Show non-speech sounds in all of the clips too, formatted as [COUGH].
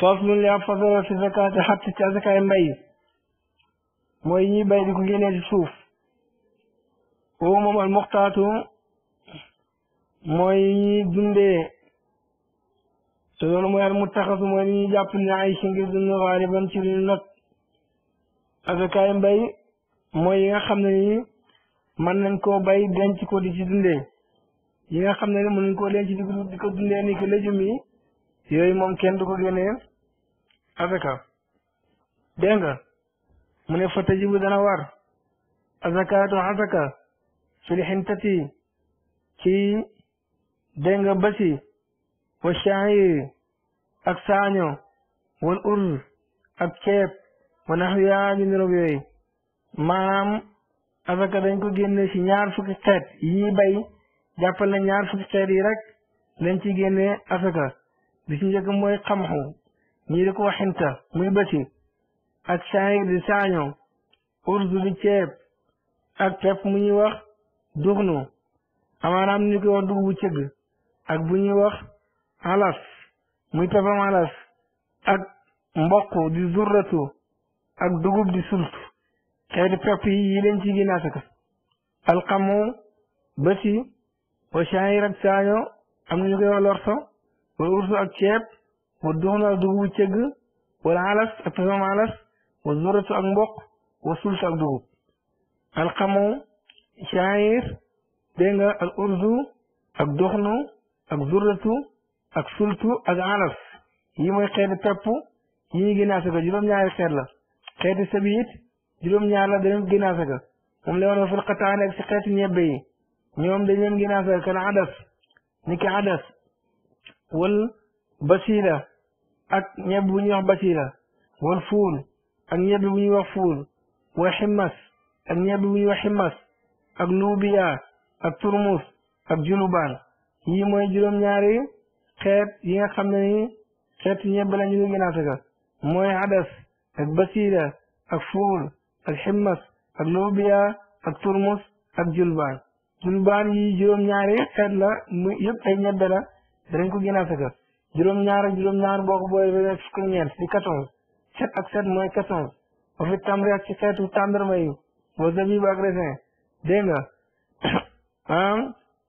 فضل اللي فضل في زكاة حتى تزكى المي موي ني باي ديكو غيني دي سوف هو مام المختار موي ني دوندي te loolu mooy al mutaxasu mooy li ñuy jàpp ne ay si ngir dund xaaliban ci lu not asakaay mbay mooy yi nga xam ne ni mën nañ koo bay denc ko di ci dundee yi nga xam ne ni mën nañ koo denc di ko dundee ni ki léjum yooyu moom kenn du ko génnee asaka dégg nga mu ne fa tajibu dana war asakaatu asaka fil xintati ci dégg nga basi wa sha'ir ak saaño wal urz ak ceeb wa naxwiyaa ñu niroog yooyu maanaam asaka dañ ko génne ci ñaar fukki xeet yii bay jàppal na ñaar fukki xeet yi rek lañ ci génne asaka bi ci njëkk mooy xamxu ñii di ko waxinta muy bësi ak sha'ir di saaño urz di ceeb ak pepp mu ñuy wax duxnu amaanaam ni koy wax dugub bu cëgg ak bu ñuy wax alas muy tefam alas ak mboq di zurratu ak dugub di sult xeeti pepp yi yi leen ci génne asaka alxamu wa sha'ir ak saaño am na ñu koy wax ursu ak ceeb wa duxna ak dugubu cëgg wala ak tefam alas wa zurratu ak mboq wa sult ak dugub alxamu sha'ir dégg nga al ursu ak duxnu ak zurratu ak sultu ak anas yi moy xeeti pepp yi génn asaka juróom-ñaari xeet la xeeti sëbi it juróom-ñaar la dañu génn asaka moom lay wax firqataani ak si xeeti ñebbe yi ñoom dañu leen génn asaka kan adas niki adas wal basira ak ñebbe bu ñuy wax basira wal fuul ak ñebbe bu ñuy wax fuul wa ximmas ak ñebbe bu ñuy wax ximmas ak nubiya ak turmus ak julubaan yi mooy juróom-ñaari xeet yi nga xam ne ni xeeti ñebe la ñu ngi gënaate ka mooy hadas ak basira ak fuur ak ximmas ak lobiya ak turmus ak julbaan julbaan yi juróom-ñaari xeet la mu yëpp ay ñebe la danañ ko gënaate ka juróom-ñaar ak juróom-ñaar boo ko booy ba fukk ak ñeent di quatorze sept mooy quatorze wa fi tamri ak ci xeetu yi wa zabib ak raisin dégg nga [COUGHS] ah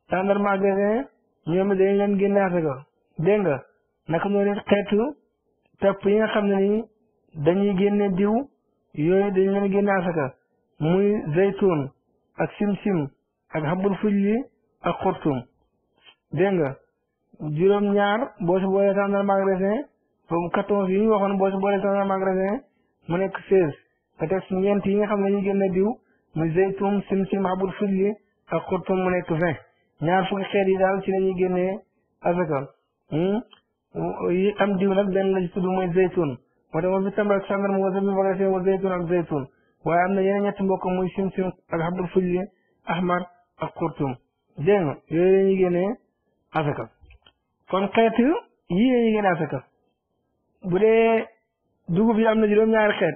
tàndarma ak raisin ñoom dañ leen gënaate dégg nga naka noonu it xeetu pepp yi nga xam ne nii dañuy génne diw yooyu dañ leen génne asaka muy zaytun ak simsim ak xabul fujli ak xurtum dégg nga juróom-ñaar boo si boolee tàndarma ak raisin foofu quatorze yi ñu waxoon boo si boolee tàndarma ak raisin mu nekk seize nga teg ñeent yi nga xam ne dañuy génne diw muy zaytun simsim xabul fujli ak xurtum mu nekk vingt ñaar fukki xeet yi daal ci lañuy génne asaka Hmm? Hmm, am diw nag benn lañ tudd mooy zaytun moo tax ma fi tambar ak sàndarma wa sabi bagatin wa zaytun ak zaytun waaye am na yeneen ñetti mbokk muy simsim ak xabdul fulli ahmar ak xurtum dégg nga yooyu la ñuy génnee asaka kon xeet yii la ñuy génnee asaka bu dee dugub yi am na juróom-ñaari xeet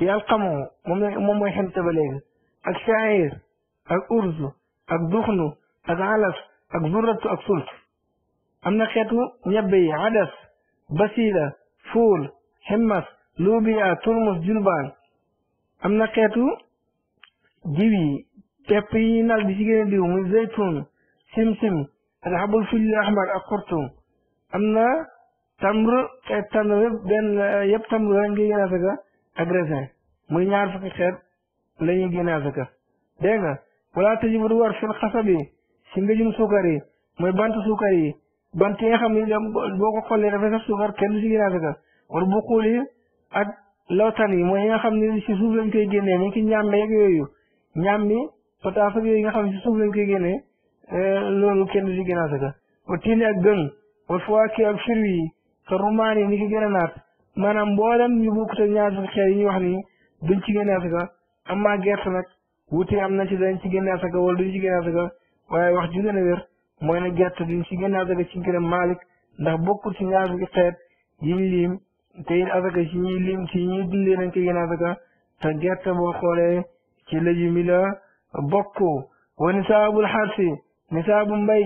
yàlla xamoo moom la moom mooy xente ba léegi ak shaayir ak urzu ak duxnu ak alas ak zurratu ak sult am na xeetu ñebbe yi adas basila fuul himmas luubiya turmus julbaan am na xeetu jiw yi pepp yi nag di ci gën a diw muy zaytun simsim ak xabul fujli ahmar ak xortum am na tamr xeet tamr yëpp benn yëpp tamr lañ koy génne asaka ak raisin muy ñaar fukki xeet la ñuy génne asaka dégg nga wala tëji bu du war fil xasabi si mbéjum suukar yi mooy bant suukar yi ban ki nga xam ne dem boo ko xoolee dafay saf suukar kenn du si gën a saf wala boo xoolee ak lawtan yi mooy yi nga xam ne si suuf lañ koy génnee ni ki ñàmbe ak yooyu ñàmbi pataas ak yooyu nga xam ne si suuf lañ koy génnee euh, loolu kenn du si gën a saf wa tiini ak gën wala fawaakih ak fruits yi te rumaan yi ni ki gën a naat maanaam mboolem ñu bokkut ak ñaar fukki xeet yi ñuy wax ni duñ ci génnee asaka amaa gerte nag wuute am na ci dañ ci génnee asaka wala duñ ci génnee asaka waaye wax ju gën a mooy ne gerte gi ci gën a asaka ci gërëm Malick ndax bokkul ci ñaar fukki xeet yi ñu lim te it asaka ci ñuy lim ci ñuy dundee nañ ci gën a asaka te gerte boo xoolee ci lëju mi la bokk wa nisaabul xarsi nisaabu mbay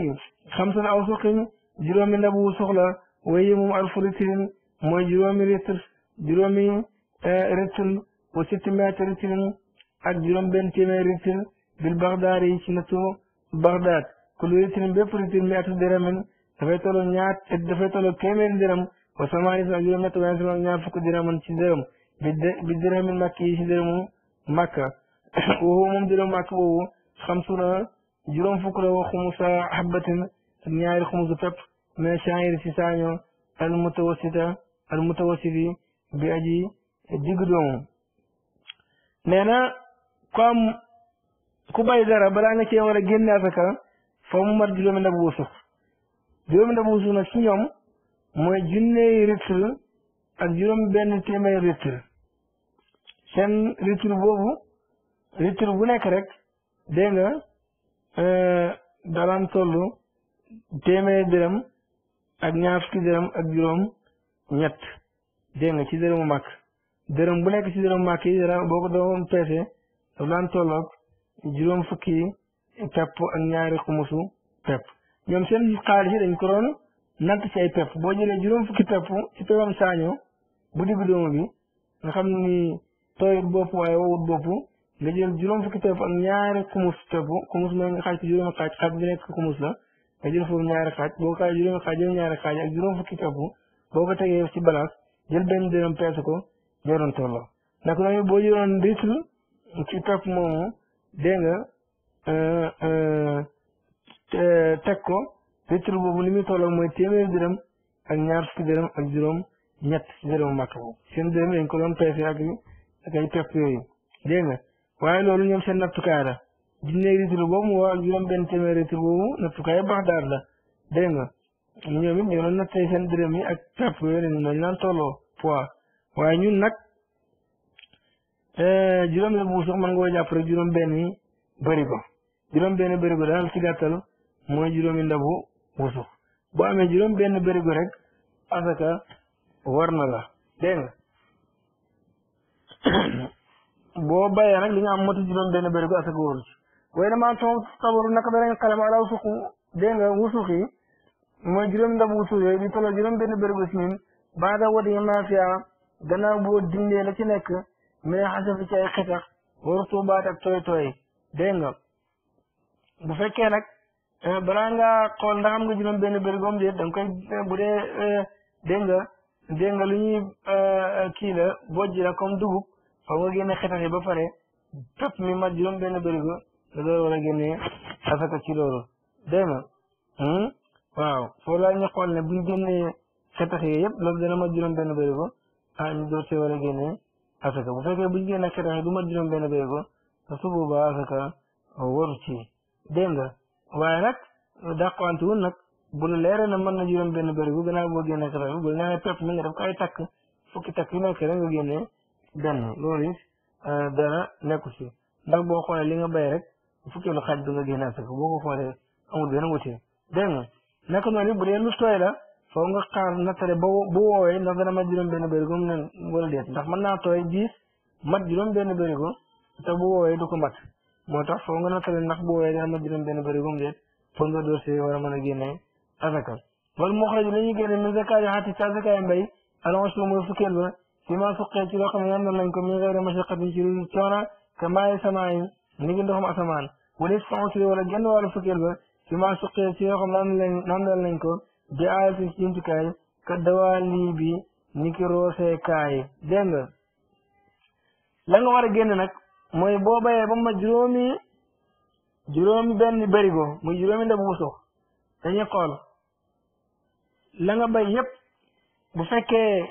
xamsan aw suqin juróomi ndabu soxla waaye moom alfu ritrin mooy juróomi ritre juróomi ritre wa sitti meetar ritrin ak juróom benn téeméer ritre bil baxdaar yi ci nattu baxdaat kullu litin bépp litin mi atu dërëmin dafay tolloo ñaar dafay tolloo téeméeri dërëm wa sama juróom ñett vingt sama ñaar fukk dërëman ci dërëm bi bi dërëmin màkk yi ci dërëmu màkka woowu moom dërëm màkk woowu xam suna juróom fukk la wa xumusa habbatin ñaari xumusu pepp mais chair ci saaño al mutawassita al mutawassiti bi aji diggu doomu nee na am ku bàyyi dara balaa nga cee war a foo mu mat juróomi ndab wusux juróomi ndab wusux nag si ñoom mooy junneey ritre ak juróom benn téeméer ritre seen ritre boobu ritre bu nekk rek dégg nga euh, dalaan toll téeméer dërëm ak ñaar fukki dërëm ak juróom ñett dégg ci dërëmu màkk dërëm bu ci dërëmu màkk yi boo ko doon peese daf daan pepp ak ñaari xumusu pepp ñoom seen xaalis yi dañ ko doon natt ci ay pepp boo jëlee juróom fukki pepp ci peppam saañoo bu digg doomu bi nga xam ni tooyut bopp waaye wowut bopp nga jël juróom fukki pepp ak ñaari xumus pepp xumus mooy nga xaaj ko juróomi xaaj xaaj bi nekk la nga jël foofu ñaari xaaj boo ko xaaj juróomi xaaj juróom ñaari xaaj ak juróom fukki pepp boo ko tegee ci balance jël benn dërëm peese ko ñoo doon tolloo ndax loolu boo jëloon litre ci pepp Euh, euh, teg ko witr boobu li muy mooy téeméer dërëm ak ñaar fukki dërëm ak juróom ñett si dërëm màkk boobu seen dërëm dañ ko doon peese ak ak ay yooyu dégg waaye loolu ñoom sen nattukaay la junneeg witr boobu moo ak juróom benn téeméer witr nattukaay baax la dégg nga ñoom it ñoo doon ak pepp yooyu lañ naan tolloo poids waaye ñun nag euh, juróom la bu sax mën nga ko jàpp juróom benn yi juróom benn bërigo daal ci gàttal mooy juróomi ndabu wusux boo amee juróom benn bërigo rek asaka war na la dégg nga [COUGHS] boo bayee nag li nga am motu juróom benn bërigo asaka waru ci waaye damaa soo sabaru naka beneen xalam ala wusuxu dégg nga wusux yi mooy juróom ndabu wusux yooyu di tolloo juróom benn bërigo si ñun baada wati ma fiya ci nekk mi ne xasafi ay xetax waru tuubaat ak tooy tooy dégg nga bu fekkee nag eh, balaa ngaa xool ndax am nga juróom benn bérgoom déet da nga koy eh, bu dee eh, dégg nga dégg nga lu kii la bojj la comme dugub fa nga génne xetax yi ba pare topp mi mat juróom benn bérigo nga door war a asaka ci loolu dégg nga hmm? waaw foo laa ñu xool ne buñ génnee xetax yi yëpp loolu dana mat juróom benn bérigo ah ñu door see war a asaka bu fekkee buñ génne xetax yi du mat juróom benn bérigo te su boobaa asaka waru ci dégg nga waaye nag dàqwante wun nag bu la leeree na man na juróom benn bëri bu gannaaw boo génnee safara bu la neexee pepp mi nga ay takk fukki takk yu nekk rek nga génnee benn loolu it euh, dara nekku si ndax boo xoolee li nga bay rek fukki lu xaaj bi nga génnee boo ko xoolee amul benn wutee dégg nga naka noonu bu dee lu tooy la foo nga xaar nattale ba bu woowee ndax dana mat juróom benn bërigo mu ne wala déet ndax mën naa tooy ma mat juróom benn bërigo te bu woowee du mat moo tax foo nga nattale ndax boo weeree na juróom-benn bëri gum déet pour door si war a mën a génne asaka wal muxraj la ñuy génne min zakaati xaati ca zakaay mbay alonso mooy fukkeel ba si ma suqee ci loo xam ne yam na ko min gayri mashaqatin ci lu coono ka maayi samaay ni ngi ndoxum asamaan wala sonsi wala genn wàllu fukkeel si ma suqee ci loo xam ne am na lañ ko di aayatin ci jumtukaay ka dawaali bi ni ki roosee kaay dégg nga la nga war a mooy boo bayee ba ma juróomi juróomi benn barigo muy juróomi ndab wusu dañuy xool la nga bay yépp bu fekkee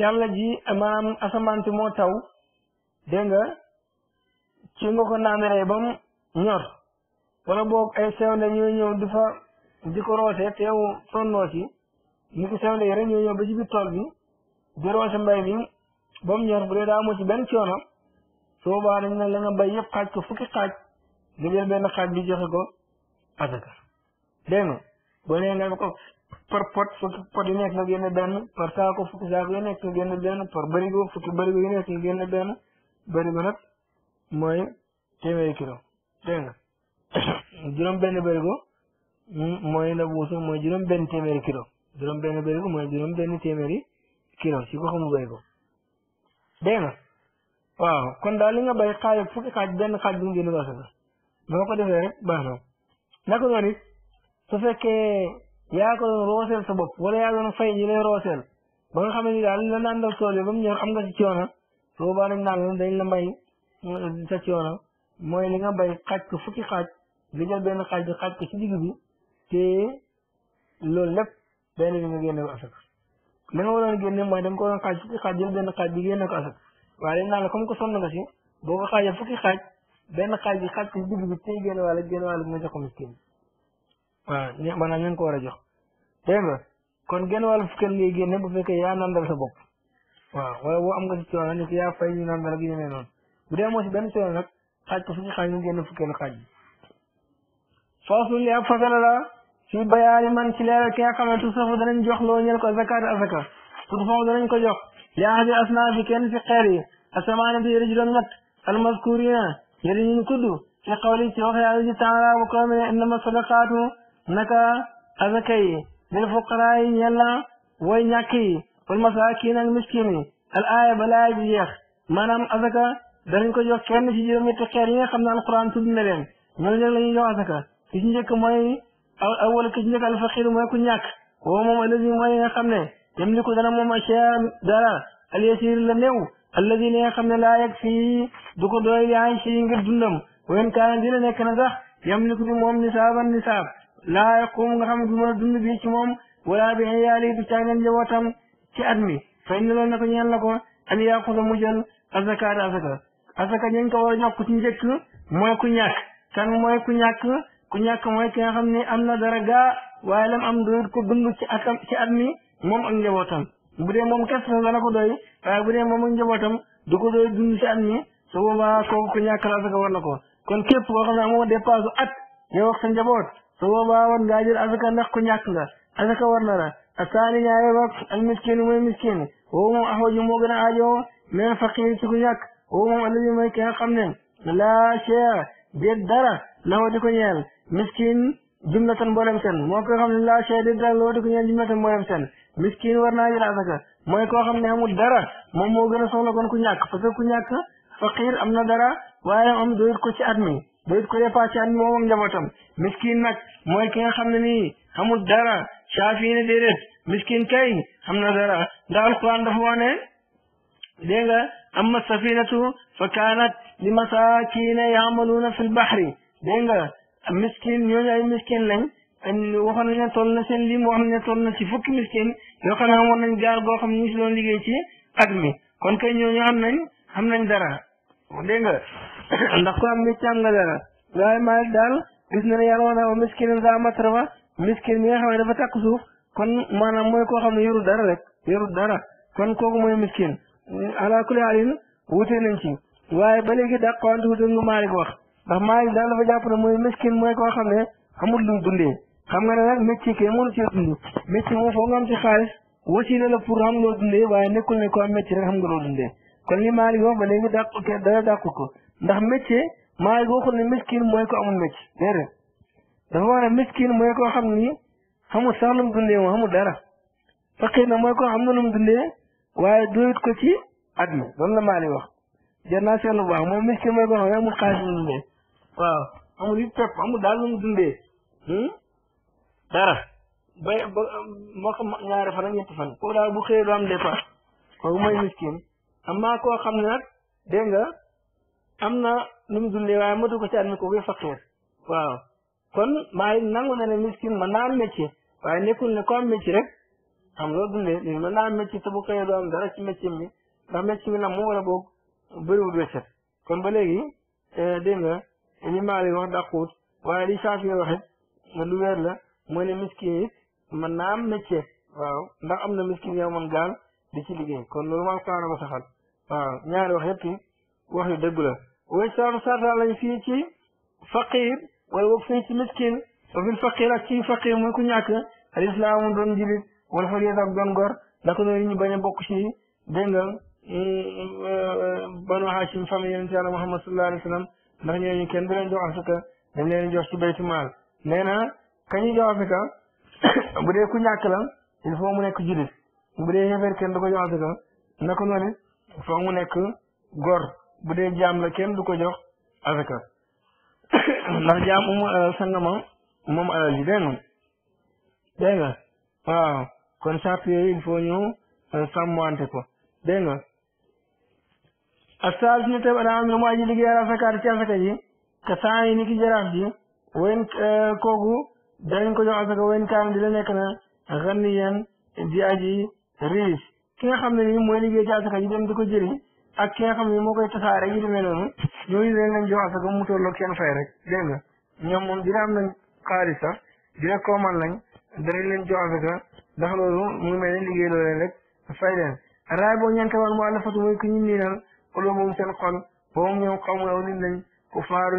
yàlla ji maanaam asamaan moo taw dégg nga ci nga ko naanaree ba mu ñor wala boog ay sewnde ñoo ñëw di fa di ko roose teew sonnoo si ni ko sewnde yi rek ñoo ñëw ba ci biir ñor bu dee daa amoo ci benn coono su boobaa dañ ne la nga bay yëpp xaaj ko fukki xaaj nga jël benn xaaj bi joxe ko asaka dégg nga boo nee nga ko par pot fukki pot yu nekk nga génne benn par saako fukki saako yu nekk nga génne benn par barigo fukki barigo yu nekk nga génne benn barigo nag mooy téeméeri kilo dégg nga [COUGHS] juróom benn barigo mooy na buusu mooy juróom benn téeméeri kilo juróom benn barigo mooy juróom benn téeméeri kilo si ko xamul barigo dégg nga waaw kon daal li nga bay xaaj fukki benn xaaj bi mu génn baax na boo ko defee rek baax na naka noonu it su fekkee yaa ko doon rooseel sa wala yaa doon fay ñi lay rooseel ba nga xam ne daal la naandal tool yi ba mu ñor am nga ci coono soo baa dañ naan dañ la may mm, sa coono mooy li nga bay xaaj ko fukki xaaj li jël benn xaaj bi xaaj ko ci digg bi te loolu lépp benn bi nga génne ko asaka li nga waroon génne mooy da nga ko doon xaaj benn xaaj bi génne ko asaka waaye dañ naan la comme que sonn nga si boo ko xaajee fukki xaaj benn xaaj bi xaaj ko si digg bi tey génn wàll génn wàll nga jox ko miskin waaw ña maanaam ñu ngi ko war a jox dégg nga kon ya wàllu fukkeel ngay génne bu fekkee yaa nandal sa bopp waaw wala boo am nga si coono ni ko yaa fay ñu nandal ak yu ne noonu bu dee moo si benn coono nag xaaj ko fukki xaaj mu génn fukkeelu xaaj bi faasul yaa fasala la fii bayaani man ci leeral ki nga xamante safu danañ jox loo ñel ko zakat asaka pour foofu danañ ko يا الأصناف كان يعني في قرية أسمعنا في رجل المت المذكورين يرين كله في قوله سواك عزيزي تعالى وقامنا إنما صدقاته نكا أذكي للفقراء فقراء يلا وينكي والمساكين المسكين الآية بلا يجيخ ما نام أذكا دارين كو جوك كان في جرمي تكارين خمنا القرآن تبنا لهم من جل لي جو أذكا كيسنجك ماي أول كيسنجك الفقير ما يكون يك وهو الذي ما يخمنه يملك دنم وما شاء دارا اليسير لنيو الذين يخمن لا يكفي دكو دويل عن شيء دنم وإن كان دينا نكنا يملك دموم نصاب النصاب لا يقوم غرم دمون دن بيشموم ولا بعيالي بشان الجواتم كأدمي فإن الله نكن يالكو أن يأخذ مجل الزكاة الزكاة الزكاة ينكو ويجب كتنجك موي كنياك كان موي كنياك كنياك موي كنياك كنياك موي كنياك موي كنياك موي كنياك موي كنياك موي moom ak njabootam bu dee moom kes la dana ko doy waaye bu dee moom ak njabootam du ko doy dund si at mi su boobaa kooku ku ñàkk la asaka war na ko kon képp koo xam ne amoo dépasse at yow ak sa njaboot su boobaa war ngaa jël asaka ndax ku ñàkk nga asaka war na la asaani ñaareel ak al miskin mooy miskin woowu moom axooju moo gën a aajoo mais faqir si ku ñàkk moom alladi mooy ki nga xam ne laa chee déet dara miskin jumlatan mboolem seen moo ko xam ne laa chey di dara loo diko ñeen jumlatan mboolem seen miskin war naa jël asaka mooy koo xam ne amul dara moom moo gën a soxla kon ku ñàkk parce que ku ñàkk faqir am na dara waaye am doyut ko ci at mi doyut ko dépassé ci at mi moom ak njabootam miskin nag mooy ki nga xam ne nii amul dara saafi ne déedéet miskin kay am na dara ndax alquran dafa wax ne dégg nga amma safinatu fa kaanat li masakina yaamaluuna fi lbahri dégg nga miskin ñooñu ay miskin lañ waxoon nañ ne na seen lim waxoon nañ ne toll na ci fukki miskin yoo xam ne amoon nañ gaal goo xam ne ñu ngi si doon liggéey ci at mi kon kay ñooñu am nañ am nañ dara dégg nga [COUGHS] ndax ko am métier am nga dara waaye Maalik daal gis na ne yàlla woon naa ni za matraba miskin mi nga xam ne dafa takk suuf kon maanaam mooy koo xam ne yoru dara rek yoru dara kon kooku mooy miskin ala kulli halin wute nañ ci waaye ba léegi dàqwante wute nga Maalik wax ndax Maalik daal dafa jàpp ne mooy miskin mooy koo xam ne amul lu dundee xam nga ne nag métier kay mënu cee dund métier moom foo nga am ci xaalis wasiila la pour xam loo dundee waaye nekkul ne ko am métier rek xam nga loo dundee kon li ko ndax métier Maalik waxul ne miskin mooy ko amul métier déedéet miskin mooy koo xam ni xamul sax lu mu dundee moom dara faqiir na mooy koo xam ne lu mu dundee waaye doyut ko ci at mi loolu la Maalik wax jar naa seetlu bu baax moom miskin mooy koo xam ne amul waaw amul it pepp amul daal lu mu dundee hmm? dara bay ba moo xam ñaari fan ak ñetti fan kooku daal bu xëyee du am départ miskin amma koo xam ne nag dégg nga am na lu mu dundee waaye matu ko ci at mi kooku faqiir waaw kon maa ngi nangu na ne miskin mën naa am métier waaye nekkul ne ko am métier rek am loo dundee léegi mën naa am métier te bu xëyee du am dara ci métier mi ndax métier mi nag moo war a boog bëriwul wéccet kon ba léegi eh, dégg li Maalik wax dàquut waaye li Saafi wax it lu wér la mooy ne miskin it mën naa am métier waaw ndax am na miskin yow man gaal di ci liggéey kon loolu waa kaana ko saxal waaw ñaari wax yëpp wax yu dëgg la way saaru sarta lañ fii ci faqir wala boog fii ci miskin wa fil faqir ak ci faqir muy ku ñàkk al islaamu doon julit wala xoriyat ak doon gor naka noonu ñu bañ a bokk ci dégg mm, mm, mm, banu hashim famille yonente yàlla Muhammad sallallahu alayhi wa sallam ndax ñooñu kenn du leen jox asaka dañ leen jox ci baytu maal nee na ka ñuy jox asaka [COUGHS] bu dee ku ñàkk la il faut mu nekk julit bu dee xefeer kenn du ko jox asaka naka noonu foo mu nekk gor bu dee jaam kenn du ko jox asaka [COUGHS] ndax jaam umu euh, alal sangama moom alal ji dégg nga dégg waaw kon sàpp il faut ñu euh, sàmmante ko dégg nga assaalisina te alaamina mu aji liggéey ala zakaati ci asaka ji ka saa yi ni ki jaraaf ji wen kooku danañ ko jox asaka wen kaana di la nekk na xanniyan di aji riis ki nga xam ne nii mooy liggéey ci asaka ji dem di ko jëriñ ak ki nga xam ne moo koy tasaare yi demee noonu ñooñu leen lañ jox asaka mu tolloog seen fay rek dégg nga ñoom moom dina am nañ xaalis sax dina kooman lañ danañ leen jox asaka ndax loolu mu ngi mel ne liggéey loo leen rek fay leen raay boo ñeente woon mu àllafatu mooy ku ñu miinal xulóomum seen xol boobu ñoom xaw ma aw nit lañ ku faaru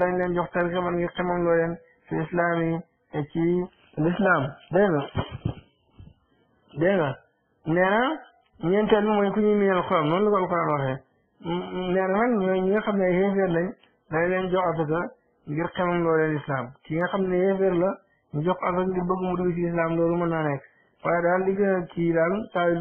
dañ leen jox tarixa man ngi xemam loo leen ci islam yi et ci l'islam dégg nga dégg nga nee na ñeenteel bi mooy ku ñuy miinal xolam noonu ko alquran waxee nee na man ñooy ñi nga xam ne xéeféer lañ dañ leen jox asaka ngir xemam loo islam ki nga xam ne xéeféer la ñu jox asaka ngir bëgg mu dugg islam loolu mën na nekk waaye daal li gën a kii daal saa yu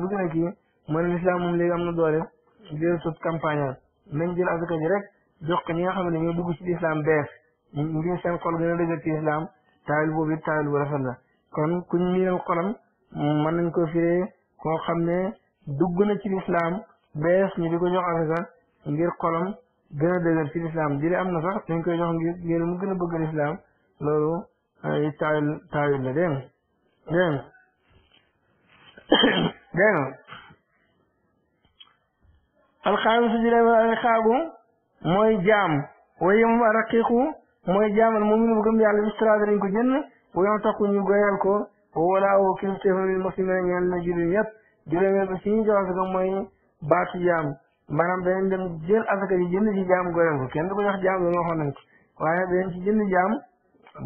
islam moom am na doole jël sut campagne nañ jël asaka ji rek jox ko ñi nga xam ne ñoo dugg ci islam bees ngir seen xol gën a dëgër ci bu rafet la kon kuñ miinal xolam mën nañ ko firee koo xam ne dugg na ci islam bees ñu di ko jox asaka ngir xolam gën a dëgër ci islam am na sax dañ koy jox ngir mu gën a bëgg islam loolu taawil taawil la dégg nga [COUGHS] alxaamisu juróomeel xaagu mooy jaam waaye moom araqiqu mooy jaam al mu'min bu gëm yàlla bi straada dañ ko jënd wayam takku ñu goyal ko wala woo kim tefamil muslimina ñeel na jullit ñëpp juróomeel ba si ñu jox asaka mooy baatu jaam maanaam danañ dem jël asaka ji jënd ci jaam goyal ko kenn du ko jox jaam loolu waxoon nañ ko waaye danañ ci jënd jaam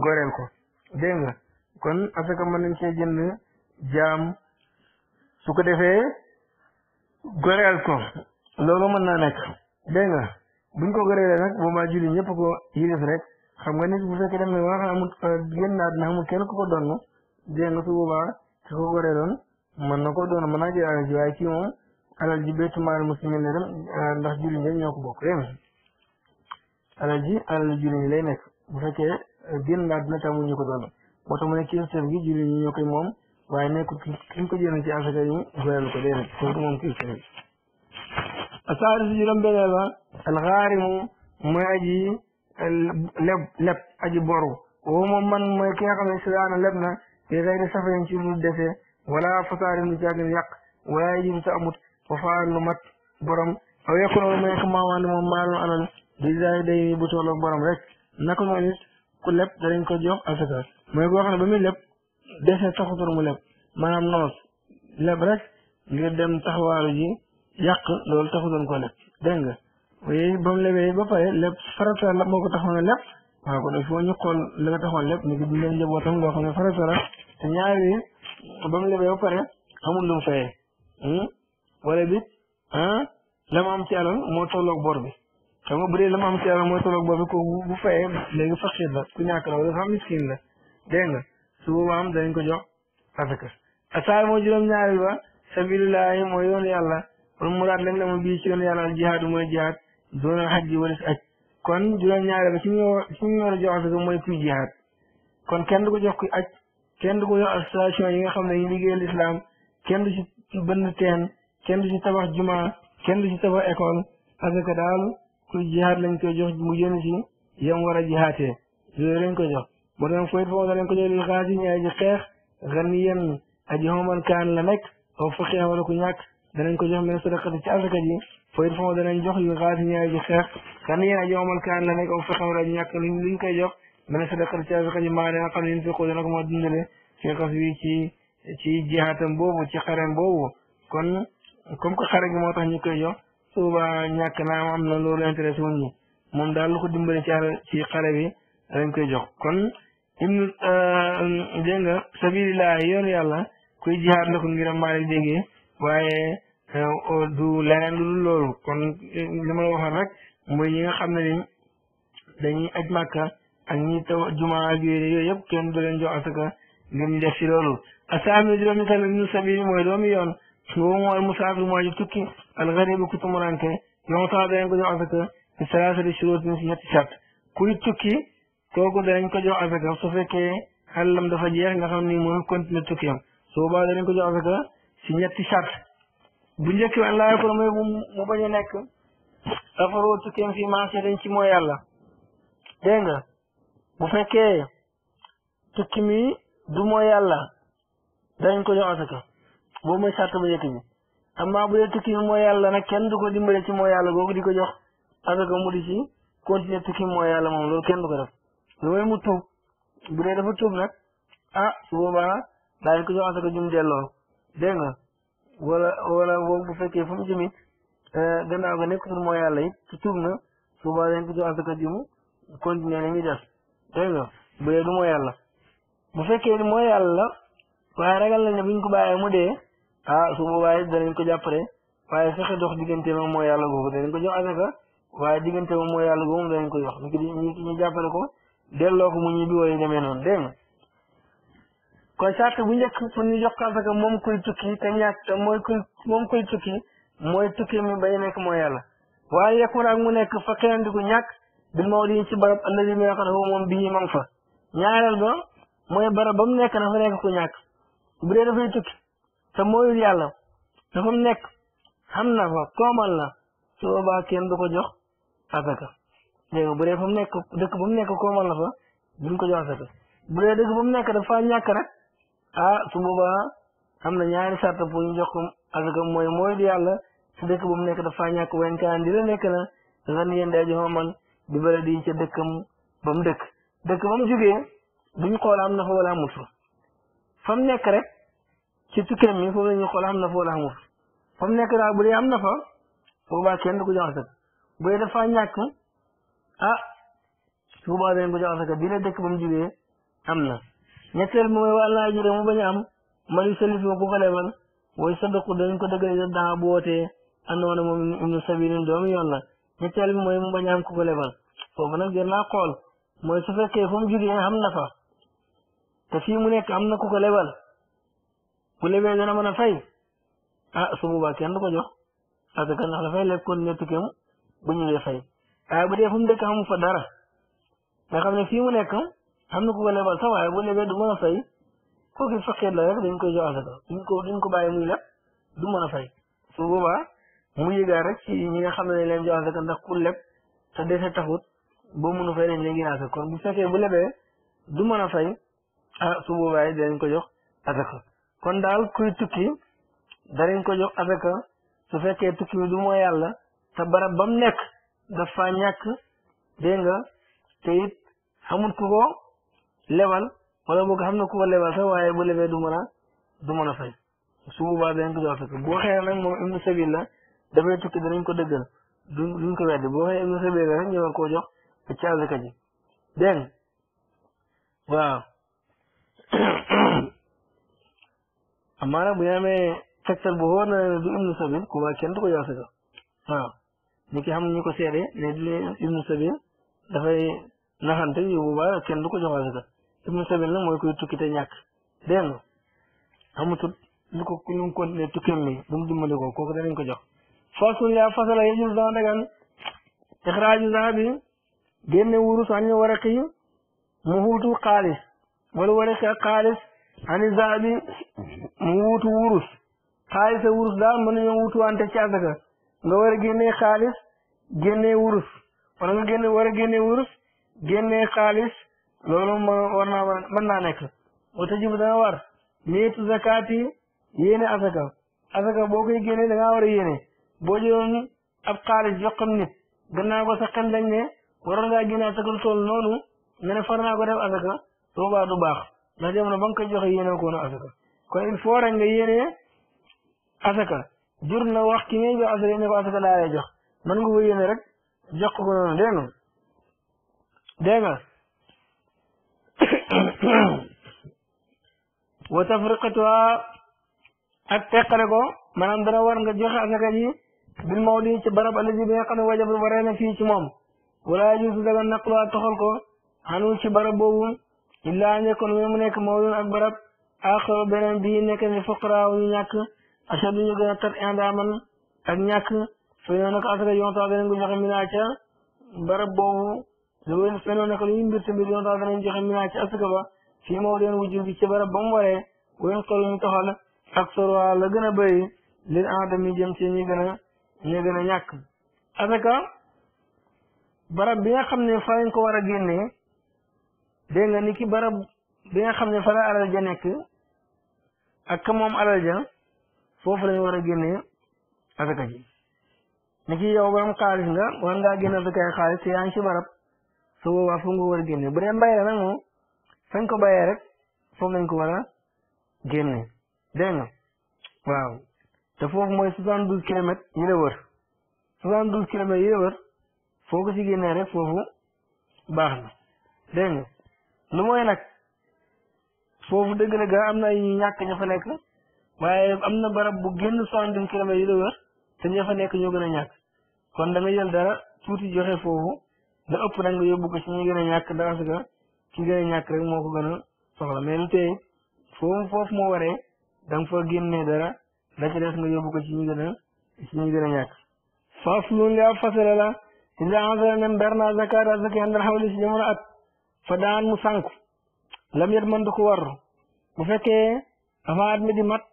goyal ko dégg nga kon asaka mën nañ cee jënd jaam su ko defee goyal ko loolu mën naa nekk dégg nga buñ ko gëree nag boobaa julli ñëpp ko yilif rek xam nga nit bu fekkee dem na ba nga amul euh, génn àddina amul kenn nga su boobaa su ko gëree doon mën na ko doon mën naa jël alal ji waaye kii moom alal ji béytu maal muslimin la dem euh, ndax julli ñëpp ñoo ko bokk dégg nga alal ji alal julli ñi lay nekk bu fekkee euh, génn àddina te amul ñu ko doon moo tax mu ne kilifteef gi waaye nekkul ki ko jëlee ci asaka ko أسأل زيرم بلالا الغارم مأجي لب لب أجي برو وهم من مكياك من سلانا لبنا يغير سفين شنو الدفع ولا فتار نجاك يق ولا يجب تأمت وفعل مت برم أو يكون هناك ما وان ممال على الجزائر دي بطول برم رك نكون عنيس كل لب درين كديوم أفتار ما يقول بمي لب دفع تخطر ملب ما نام نوص نعم. لب تحوالي lool loolu taxuloon ko leb dégg nga waaye ba mu ba pare lépp farata la moo ko taxoon lépp waaw kon il faut ñu xool la nga taxoon lépp ni ki dundal njabootam loo xam ne farata la te ñaari ba mu lebee ba pare amul lu mu fayee hmm? wala bit ah la ma am ci moo tolloog bor bi xam nga bu dee la ma am ci alal moo tolloog bor bi kooku bu fayee léegi faqiir la ku ñàkk la wala dafa miskin la dégg nga su boobaam ko jox asaka asaar moo juróom ñaari ba sabilillahi mooy yoon yàlla wal muraad nag la mu bii ci yoon yàlla al jihaad mooy jihaad doonal xaj ji wala si aj kon juróom-ñaareel ci ci ñu war a jox asaka ko jox kuy aj ko jox association yi nga xam ne yi liggéeyal islam kenn du ci bënn teen kenn du ci tabax juma kenn du ci tabax école asaka daal kuy jihaad lañ koy jox mu jëm si yam war a jihaatee yooyu lañ ko jox moo tax fooy foofu lañ ko jox li xaasi ñaay ji xeex aji xooman kaan la nekk aw faqee wala ku ñàkk danañ ko jox min sadaqati ci asaka ji fooy foo danañ jox li xaasi ñaay ji xeex kan yaa ji jox min sadaqati ci asaka ji maa dina xam ne fi ko dana ko moo dundale fi xas wi ci ci jihaatam boobu ci xarem boobu kon comme que xare gi moo tax ñu koy jox suba ñàkk naa am na loolu intéressé wuñ ñu moom daal lu ko dimbale ci ci xare bi dañ koy jox kon ibnu euh, dégg nga sabilillah yoon yàlla kuy jihaat la ko ngir am maa waaye euh, du leneen lu loolu kon li ma la waxoon rek mooy ñi nga xam ne ni dañuy aj màkka ak ñi taw jumaa ak yooyu yëpp kenn du leen jox asaka ngir ñu def si loolu asaami juróomi tal ibnu sabili mooy doomi yoon boobu mooy musaafir mooy tukki al garibu ku tumuranke yoon sax dañ ko jox asaka si salaasati shuruutin si ñetti sart kuy tukki ko jox asaka su fekkee dafa jeex nga xam ni mënul continuer tukki am su asaka si ñetti charte bu njëkk bi an laa yakuna mooy mu bañ a nekk ma tukkeem fi marché dañ ci mooy yàlla dégg nga bu fekkee tukki mi du mooy yàlla dañ ko jox asaka boobu mooy charte bu mi mooy yàlla nag kenn du ko dimbale ci mooy yàlla googu di ko jox asaka mu di ci continuer tukki mooy yàlla moom loolu kenn du ko def lu mooy mu tuub bu dee dafa tuub nag ah su boobaa daañu ko jox asaka jum dégg nga wala wala boobu bu fekkee fu mu jëmee euh, gannaaw ga nekkatul mooy yàlla it ci tuub na suba dañ ko jox asaka ji mu continuer la muy def dégg nga bu dee du mooy yàlla bu fekkee mooy yàlla la waaye ragal nañ ne buñ ko bàyyee mu dee ah su boobaa it danañ ko jàppale waaye fexe dox diggante moom mooy yàlla googu danañ ko jox asaka waaye diggante moom mooy yàlla googu danañ ko jox ñu ñu jàppale ko delloo ko mu ñibbi wala demee noonu dégg kon charte bu njëkk pour ñu jox ko asaka moom kuy tukki te ñàkk te mooy moom kuy tukki mooy tukki mi bay nekk mooy yàlla waaye yekku ak mu nekk fa xëyan di ko ñàkk bi mawdi yi ci barab alladi mi nga xam ne foofu moom bii ma ngi fa ñaareel ba mooy barab ba mu nekk dafa nekk ku ñàkk bu dee dafay tukki te mooyul yàlla dafa mu nekk xam na fa koomal na su boobaa kenn du ko jox asaka dégg bu dee mu nekk dëkk ba mu nekk koomal na fa duñ ko jox ba mu nekk dafa ñàkk rek ah su boobaa am na ñaari sart pour ñu jox ko asaka mooy mooy di yàlla si dëkk bu mu nekk dafa ñàkk wenkaan di la nekk na ran yéen day joxoo man di bëri di ca dëkkam ba mu dëkk dëkk ba mu jógee duñ xool am na mu nekk rek ci tukkeem mi foofu la ñuy xool am na fa wala amut fa mu nekk daal bu dee am na fa boobaa kenn du ko jox asaka bu dee dafa ñàkk ah su boobaa dañ ko jox asaka di la dëkk ba mu jógee am na ñetteel mooy wàllaa ji mu bañ am mali salif ma ku ko lebal way sadaku dañ ko dëggal da daa bootee andoona moom ibnu sabilin doomu yoon la ñetteel bi mooy mu bañ am ku ko lebal foofu nag gën naa xool mooy su fekkee fu mu jugee am na fa te fii mu nekk am na ku ko lebal bu lebee dana a fay ah su boobaa kenn du ko jox parce que ndax dafay leb kon ñetti kéem bu ñu dee fay waaye bu dee fu amu fa dara nga xam ne fii mu nekk am na ku ko lebal sa waaye bu lebee du mën a fay kooku faqir la rek dañ koy jox asaka duñ ko duñ ko bàyyi muy la du mën a fay su boobaa mu yëgaa rek nga xam ne leen jox asaka ndax ku leb te dese taxut boo mënu fay dañ leen gën asaka kon bu fekkee bu lebee du mën a fay ah su boobaa dinañ ko jox asaka kon daal kuy tukki danañ ko jox asaka su fekkee tukki bi du moo yàlla te ba mu nekk dafa ñàkk dégg nga te ku ko lebal wala boog xam na ku ko lebal sax waaye bu lebee du mën a du mën a fay su boobaa danañ ko doon fekk boo xëyee nag la dafay tukki danañ ko dëggal duñ duñ ko weddi boo xëyee ibnu sabil la rek ñu war koo jox ci azaka ji dégg waaw [COUGHS] amaana bu ñu amee tegtal bu wóor na du ibnu sabil ku waa kenn du ko jox azaka waaw ñi ki xam ñu ko seede ne du ibnu sabil dafay naxante yu boobaa kenn du ko jox azaka ibnu sabil nag mooy koy tukki te ñàkk dégg nga xamutul lu ko lu mu continuer tukkeem mi lu mu fasul yaa fasala yajuz dana dagan ixraaju zahabi génne wurus an waraqi mu wuutu xaalis wala waraqi ak xaalis ani zahabi mu wurus xaalis wurus daal mën nañoo wuutu wante ci asaka nga war a génne xaalis wurus wala nga génne war a wurus génne xaalis loolu moom war naa war mën naa nekk wa tajibu war niyetu zakaati yéene asaka asaka boo koy génne da ngaa war a boo jëloon ab xaalis jox nit gannaaw ko sa xel dañ ne waroon ngaa génne asaka lu toll du baax ndax jamono ba joxe yéene ko asaka kon il faut rek asaka jur na wax ki ngay jox asaka ne ko asaka laa jox man nga ko yéene rek jox ko noonu dégg nga [COUGHS] wa tafriqatuha ak teqale ko maanaam dana war nga joxe asaka ji bil mawdi ci barab allazi bi nga xam wajab waree na fii ci moom wala yajuuzu daga naqluha toxal ko xanu ci barab boobu illaa nekkoon mais mu nekk mawdun ak barab axaro bi bii nekk ni fuqaraaw ñu ñàkk ashadu ñu gën a tat indaaman ak ñàkk fa ñoo nag asaka yoon tax joxe minaa barab boobu lu muy xasee noonu nag lu muy mbir te mbir yoon daal danañ ci asaka ba fii moo doon wujjum bi ci barab ba mu waree wéyum tool ñu toxal ak sorwaa la gën a bëri li aadam yi ci ñi gën a ñi gën a ñàkk. asaka barab bi nga xam ne fa lañ ko war a génnee dégg nga ni ki barab bi nga xam ne fa la alal ja nekk ak ka moom alal ja foofu lañ war a génnee asaka ji. ni ki yow borom xaalis nga war ngaa génne asakaay xaalis te yaa ci barab. su boobaa fu nga war a génne bu dee mbay la nag moom fañ ko bayee rek foofu lañ ko war a génne dégg nga waaw te foofu mooy soixante douze kilomètres yi la wër soixante douze kilomètres yi la foo ko si génnee rek foofu baax na dégg nga nag foofu dëgg ga am na ay ñàkk ña fa nekk waaye am na barab bu génn soixante douze kilomètres yi la wër te fa nekk ñoo gën a kon da nga jël dara tuuti joxe foofu la ëpp nag nga yóbbu ko ci ñi gën a ñàkk daanaka que ci rek moo ko gën a soxla mais lu tey foofu foofu moo waree da nga fa génnee dara la ci des nga yóbbu ko ci ñi a ci ñi gën a ñàkk. faslun yaa fasala la ida ansala nem ber naa zakat azaki andal xawli si jamono at fa daan mu sànku lam man du ko war bu a avant at mi mat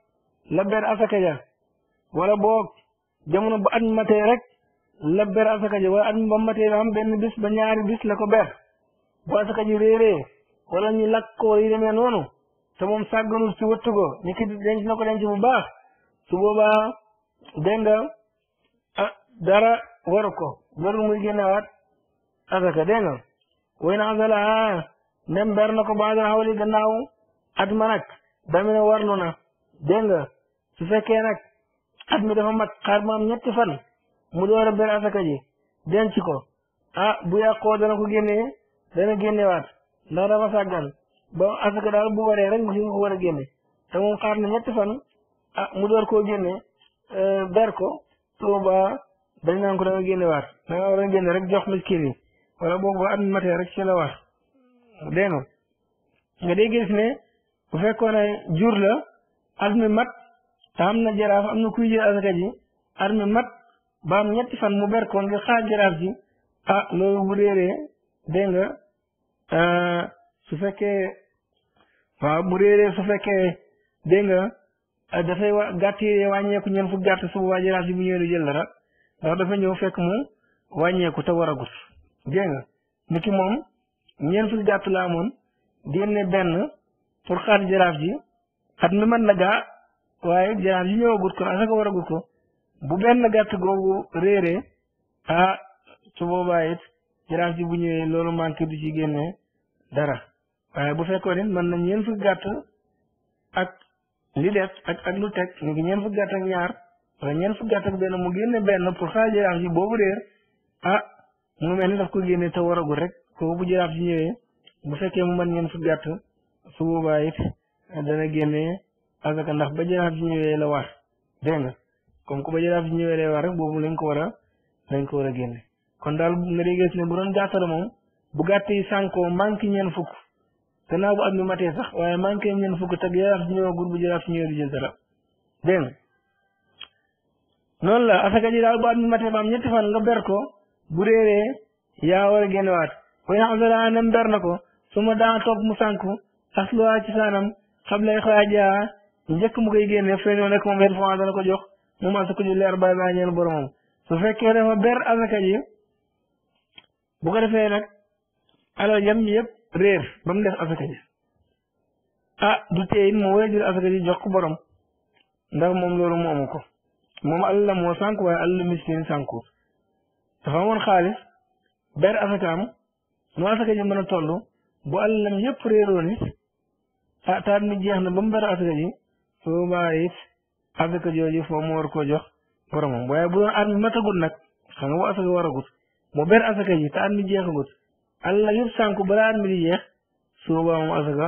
la ber asaka ja wala boog jamono bu at mi rek la ber asaka ji wala at mi ba matee ba benn bis ba ñaari bis la ko ber bu asaka ji réeree wala ñu lakk ko wala yu demee noonu te moom sàgganul si wëttu ko ni ki denc na ko denc bu baax su boobaa dégg nga ah dara waru ko warul muy génnawaat asaka dégg nga way na asala ah, ndem ber na ko ba dara xawli gannaaw at ma nag damina warlu na dégg nga fekkee nag at dafa mat xaar mu am ñetti fan mu door a ber asaka ji denc ko a ah, bu yàqoo dana ko génnee dana génnewaat ndax dafa sàggan ba asaka daal bu waree rek mu si ko war a génne te moom xaar na ñetti fan ah, mu door ko génne euh, ber ko tuuba dañ naan ko da nga génnewaat da nga war rek jox miskin yi wala boobu ba at rek ci la war dégg nga nga day gis ne bu fekkoon jur la at mi mat te am na jaraaf am na kuy asaka ji ba am ñetti fan mu ber ko ngir xaar jaraaf ji ah loolu bu réeree dégg ah, su fekkee waaw bu réeree su fekkee dégg nga ah, dafay wa gàtt yi wàññeeku ñeen fu gàtt su boobaa jaraaf ji bu ñëwee du jël dara ndax dafa ñëw fekk mu wàññeeku te war a gut dégg nga ki moom ñeen fu gàtt la amoon génne benn pour xaar jaraaf ji xat mi mën na gaa waaye jaraaf ji ñëwagut ko asaka war a gut ko bu benn gàtt googu réeree ah su boobaa it jaraaf ji bu ñëwee loolu manqué du ci génnee dara waaye bu fekkoon it mën na ñeent fukki gàtt ak li des ak ak lu teg ñu ngi ñeent fukki gàtt ak ñaar wala ñeent fukki gàtt ak benn mu génne benn pour xaar jaraaf ji boobu réer ah mu ngi mel ni daf ko génne te waragul rek kooku bu jaraaf ji ñëwee bu fekkee mu mën ñeent fu gàtt su boobaa it a génnee asaka ndax ba jaraaf ji ñëwee la war dégg comme ku ba jaraaf ko war a lañ ko war a génne kon daal nga dee gis ne bu doon gàttal moom bu gàtt yi sànkoo manqué ñeen fukk gannaaw bu at mi sax waaye manqué ñeen fukk te jaraaf yi a bu jaraaf yi a du jël dara dégg a noonu la asaka ji daal bu at mi matee ba am ñetti fan nga ber ko bu réeree yaa war a génnewaat koy xam sa daa nem ber ko su ma daa toog mu sànku ci saanam xam lay xaajaa njëkk mu koy génne fay noonu rek moom ret dana ko jox mu mas ko ju leer bay bay ñeel boromam su fekkee dafa ber asaka ji ko defee nag alal jam réer ba mu def asaka ji ah du tee it mu wéy jël jox ko borom ndax moom loolu mu ko moom alal la moo sànku waaye alal miskin sànku dafa amoon xaalis ber asakaam nu asaka ji mën a toll bu alalam yëpp réeroon it ah taat mi jeex na ba mu ber asaka ji asaka jooju foo mu war koo jox boromam waaye bu doon at mi matagut nag bu asaka waragut mu ber asaka ji te at mi jeexagut alal la yëpp sànku balaa at mi su boobaa moom asaka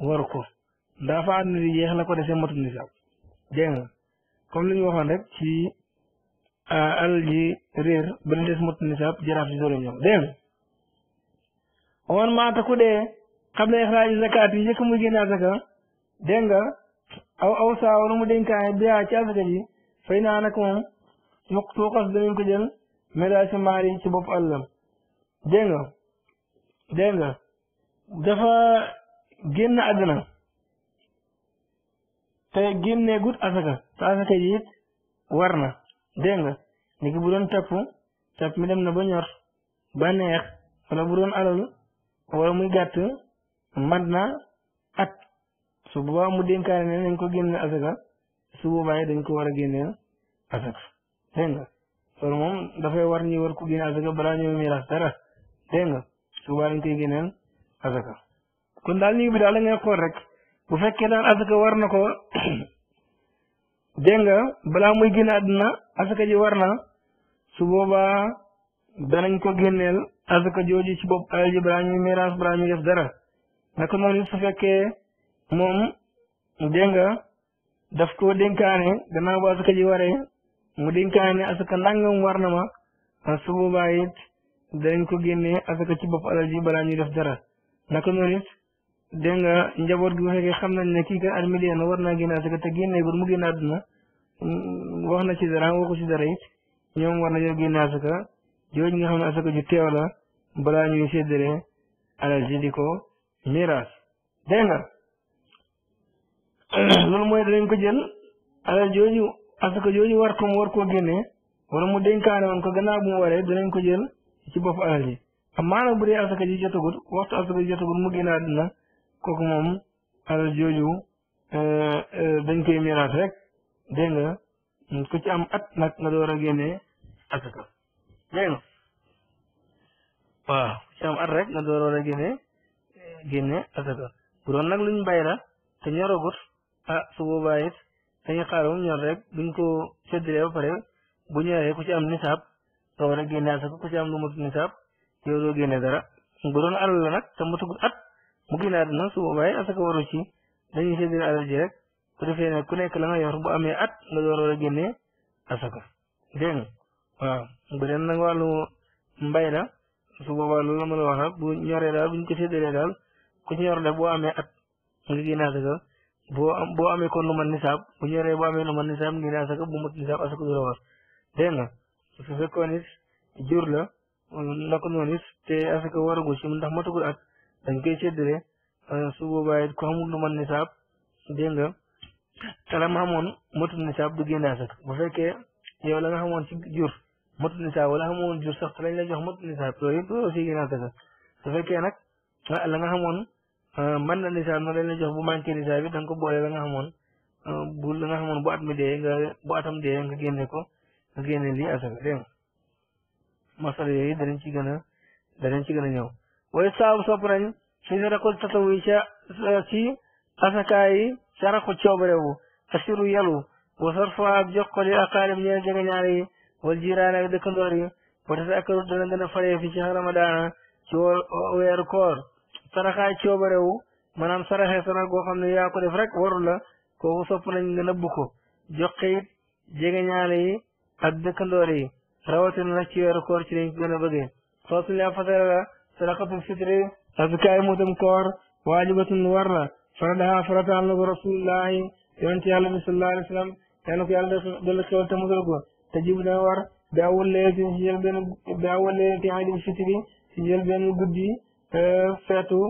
ah waru ko daa fa at mi di ko dese matul nisaab dégg nga comme li ñu waxoon rek ci alal ji réer ba li des jaraaf si solo ñoom dégg nga woon dee xam ne ixraaji zakaat yi njëkk muy asaka ah. dégg aw aw saa wala mu dénkaane biyaa ci asaka fay naa nag moom muqtuqas danañ ko jël melaa si maari ci bopp àllam dégg nga dégg nga dafa génn àddina te génnee gut asaka te asaka ji it war bu doon tapp tapp mi dem na ba ñor ba neex wala bu doon alal wala muy gàtt mat na at su boobaa mu dénkaane ne nañ ko génne asaka su boobaa dañ ko war a génne asaka dégg nga dafay war ñi ko génne asaka balaa ñëw miiras dara dégg nga su boobaa dañ génneel asaka kon daal ñu ngi daal la ngay rek bu fekkee daal asaka war na ko [COUGHS] dégg nga balaa muy génne àdduna asaka ji war na su boobaa danañ ko génneel asaka jooju ci bopp alal ji ñuy miiras balaa ñuy def dara naka noonu su fekkee moom dégg nga daf koo dénkaane gannaaw ba asaka ji waree mu dénkaane asaka ndàngam war na ma a su boobaa it ko génnee asaka ci bopp alal ji balaa ñuy def dara naka noonu it dégg njaboot gi bu fekkee xam na ni kii kat at million na war naa génne asaka te génne gur mu génne àdduna wax na ci dara waxu ci dara it ñoom war nañoo xam ne asaka ju teew la balaa ñuy séddale alal di ko miraas dégg Hmm. loolu mooy danañ ko jël alal jooju asaka jooju war ko mu war koo génnee wala mu dénkaane woon ko gannaaw bu waree danañ ko jël ci bop alal ji amaa nag bu dee asaka ji jotagut waxtu asaka ji jotagut mu génn àdduna kooku moom alal jooju eh, eh, dañ koy miraas rek dégg nga ku ci am at nag nga door a génnee asaka dégg nga waaw ku am at rek nga door a génnee eh, asaka bu doon luñ bay la te ñoragut ah su boobaa it dañuy xaar moom ñor rek buñ ko séddalee ba pare bu ñoree ku ci am nisaab nga war a génne ku ci am lu mut nisaab yow génne dara bu doon alal la nag te motugul at mu génne àdduna su boobaa it asaka waru ci dañuy séddale alal ji rek bu defee ne ku nekk la yor bu amee at nga door war a génne asaka dégg nga waaw bu dee nag wàllu la su boobaa loolu a bu ñoree daal buñ ko séddalee daal ku ci ñor rek boo amee at nga génne asaka boo am boo amee kon lu man nisaab bu ñoree boo amee lu man nisaab a asaka bu mut nisaab asaka du la war dégg nga su fekkoon it jur la naka noonu it te asaka waragu ci ndax matagul at dañ koy séddale euh, su boobaa it ku amul ni man nisaab dégg nga talam xamoon matul nisaab du génne asaka bu fekkee yow la nga xamoon ci jur matul nisaab wala xamoon jur sax te lañ la jox matul nisaab loolu yëpp aussi génne asaka su fekkee nag la nga xamoon Euh, man na nisaab nag dañ la jox bu manqué nisaab bi da ko boole la nga xamoon euh, bu la nga xamoon bu at mi dee nga bu atam dee nga génne ko nga génne lii asaka dégg nga masala yooyu danañ ci gën a danañ ci gën a ñëw waaye saabu sopp nañ suñu rakol tatawu ca ci asaka yi sa rako coobarewu asiru yalu wa sarfa jox ko li aqaalim ñeel jege ñaar yi wal jiraan ak dëkkandoor yi wa tasa akaru dana gën a faree fi ci ramadaana ci weeru koor saraxaay coobarewu maanaam saraxee sarax goo xam ne ya ko def rek warul la kooku sopp nañ nga nëbb ko joxe it jegeñaale yi ak dëkkandoor yi rawatina nag ci weeru koor ci lañ gën a bëggee soo suñ la fasara la saraxatul fitri asakaay muutam koor waajibatun war la faradaha farataal na ko rasulullahi yonent wa sallam yàlla ko yàlla dolli xewal te musal ko te jibu dana war bi awal leeti si jël benn bi awal leeti xadim fitri si jël benn guddi فاتو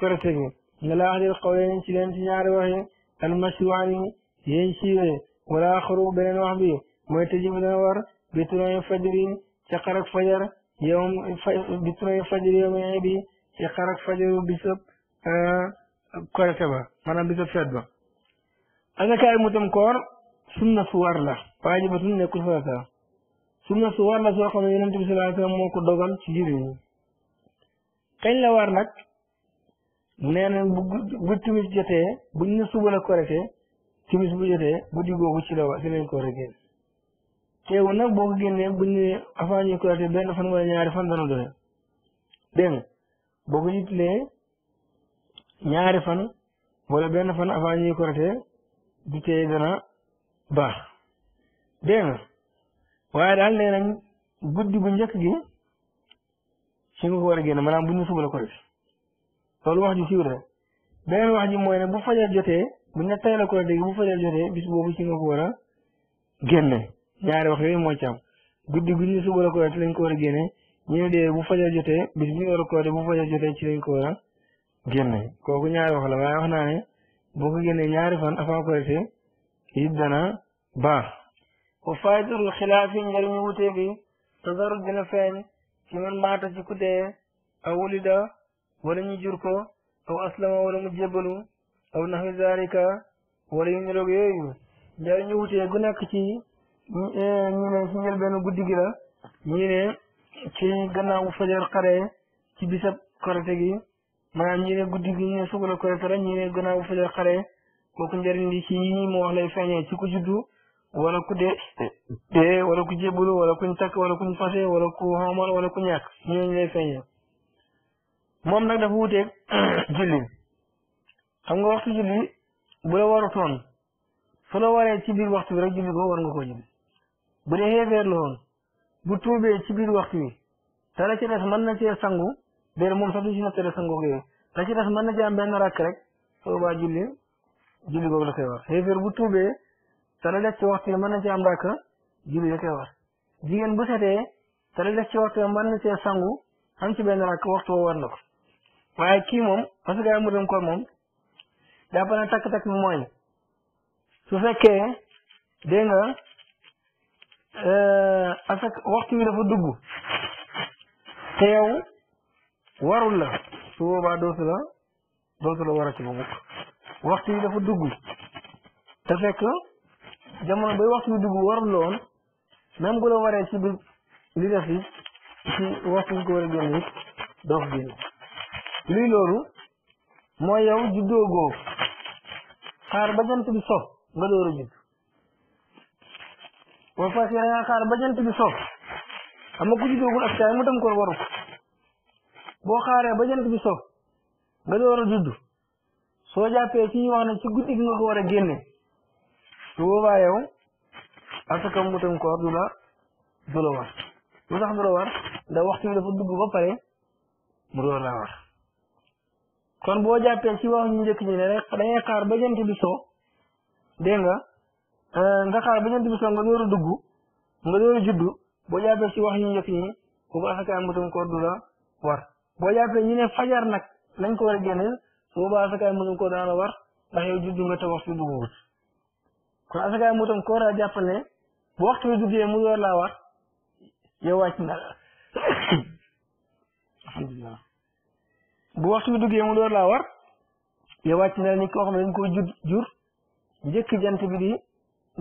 كرسيني نلا هذه القولين تلين تنار وهي المشوعني ينشيوه ولا آخر بين الوحبي ما يتجيب دنور بطرين فجرين فجر يوم بطرين فجر يوم يعيبي تقرق فجر بسب كرسيبا فانا بسب شدبا هذا كان المتمكور سنة صور له واجب سنة كل سنة صور له سواء كما ينمت بسلاة موكو دوغل kañ la war nag nee na bu bu timis jotee buñ ne suba la korite timis bu jotee guddi googu ci la wa ci lañ ko war a génn teewu nag boo ko génnee benn fan wala ñaari fan dana doy dégg nga boo ñaari fan wala benn fan avant ñuy korite du tee dana baax dégg nga daal nee nañ guddi bu gi ci nga ko war a génn maanaam bu ñu ko loolu wax ji siiw la beneen wax ji mooy ne bu fajar jotee bu ne tay la ko dégg bu fajar jotee bis boobu a génne ñaari wax yooyu moo ci am guddi gu ñu suba la ko def lañ ko war a génne ñu ne dee bu fajar jotee bis bu ñu war a ko def bu fajar jotee ci lañ ko war a génne kooku ñaari wax la waaye wax naa ne boo ko génnee ñaari fan avant Korité it dana baax wa faydatul xilaafi njariñ wuute bi tazaru dina feeñ ci man maata ci ku dee aw wulida wala ñu jur ko aw aslama wala mu jébbalu aw naxwi zalika wala yu yooyu njëriñ ñu gu nekk ci ñi eh, ci njël benn guddi gi la ñi ne ci gannaaw bu fajar xare ci bisab korite gi maanaam ñi guddi gi ñu ne suba la korite la ñi ne gannaaw bu fajar xare ci yi ma wax lay ci ku juddu wala ku dee wala ku jébbalu wala kuñ takk wala kuñ fase wala ku xoomal wala ku ñàkk ñooñu lay feeñee moom nag dafa wuteeg [CLEARS THROAT] julli xam nga waxtu julli bu warutoon su waree ci biir waxtu bi rek julli boobu war nga koo julli bu dee xeefeer la bu tuubee ci biir waxtu bi te la ci des mën na cee sangu déedéet moom sax du ci nattale sangu ko yooyu ci des mën na cee benn rakk rek soo baa julli julli boobu la koy war xeefeer bu tuubee te la def ci waxtu yi mën na ci am dàkk julli da koy war jigéen bu setee te la def ci a yi mën na cee sangu am ci benn rakk waxtu woo war na waaye kii moom parce que mu dem moom daa pare takk-takk bi mooy su fekkee dégg nga euh, asak waxtu wi dafa dugg te yow warul la su boobaa dootu la dootu la war ci ba mukk waxtu wi dafa dugg te fekk jamono bay waxtu bi dugg warul woon même bu la waree ci biir li def yi ci waxtu ko war a génn it loolu mooy yow juddoo góor xaar ba jant bi so nga door a judd boo fas yéene nga xaar ba jant bi so xam nga ku juddoogul ak mu dem ko waru boo xaaree ba jant bi so nga door a judd soo jàppee ci wax ne ci guddi gi nga ko war a génne su boobaa yow asaka mutum koor du la war lu tax du war ndax waxtu bi dafa dugg ba pare mu door laa war kon boo jàppee ci wax ñu njëkk ñi ne rek dangay bi soo dégg nga euh, dugg nga door a boo jàppee ci wax ñu njëkk ñi bu ko asaka koor du war boo jàppee ñu ne fajar nag lañ ko war a génneel su boobaa asaka koor daan la war ndax yow juddu nga te waxtu bi duggul kon asakaay moo tam ko war a jàppal ne bu waxtu bi duggee mu yor [COUGHS] laa war yow wàcc na alhamdulilah bu waxtu bi duggee mu yor laa war yow wàcc na ni koo ne dañ ko jur jur njëkk jant bi di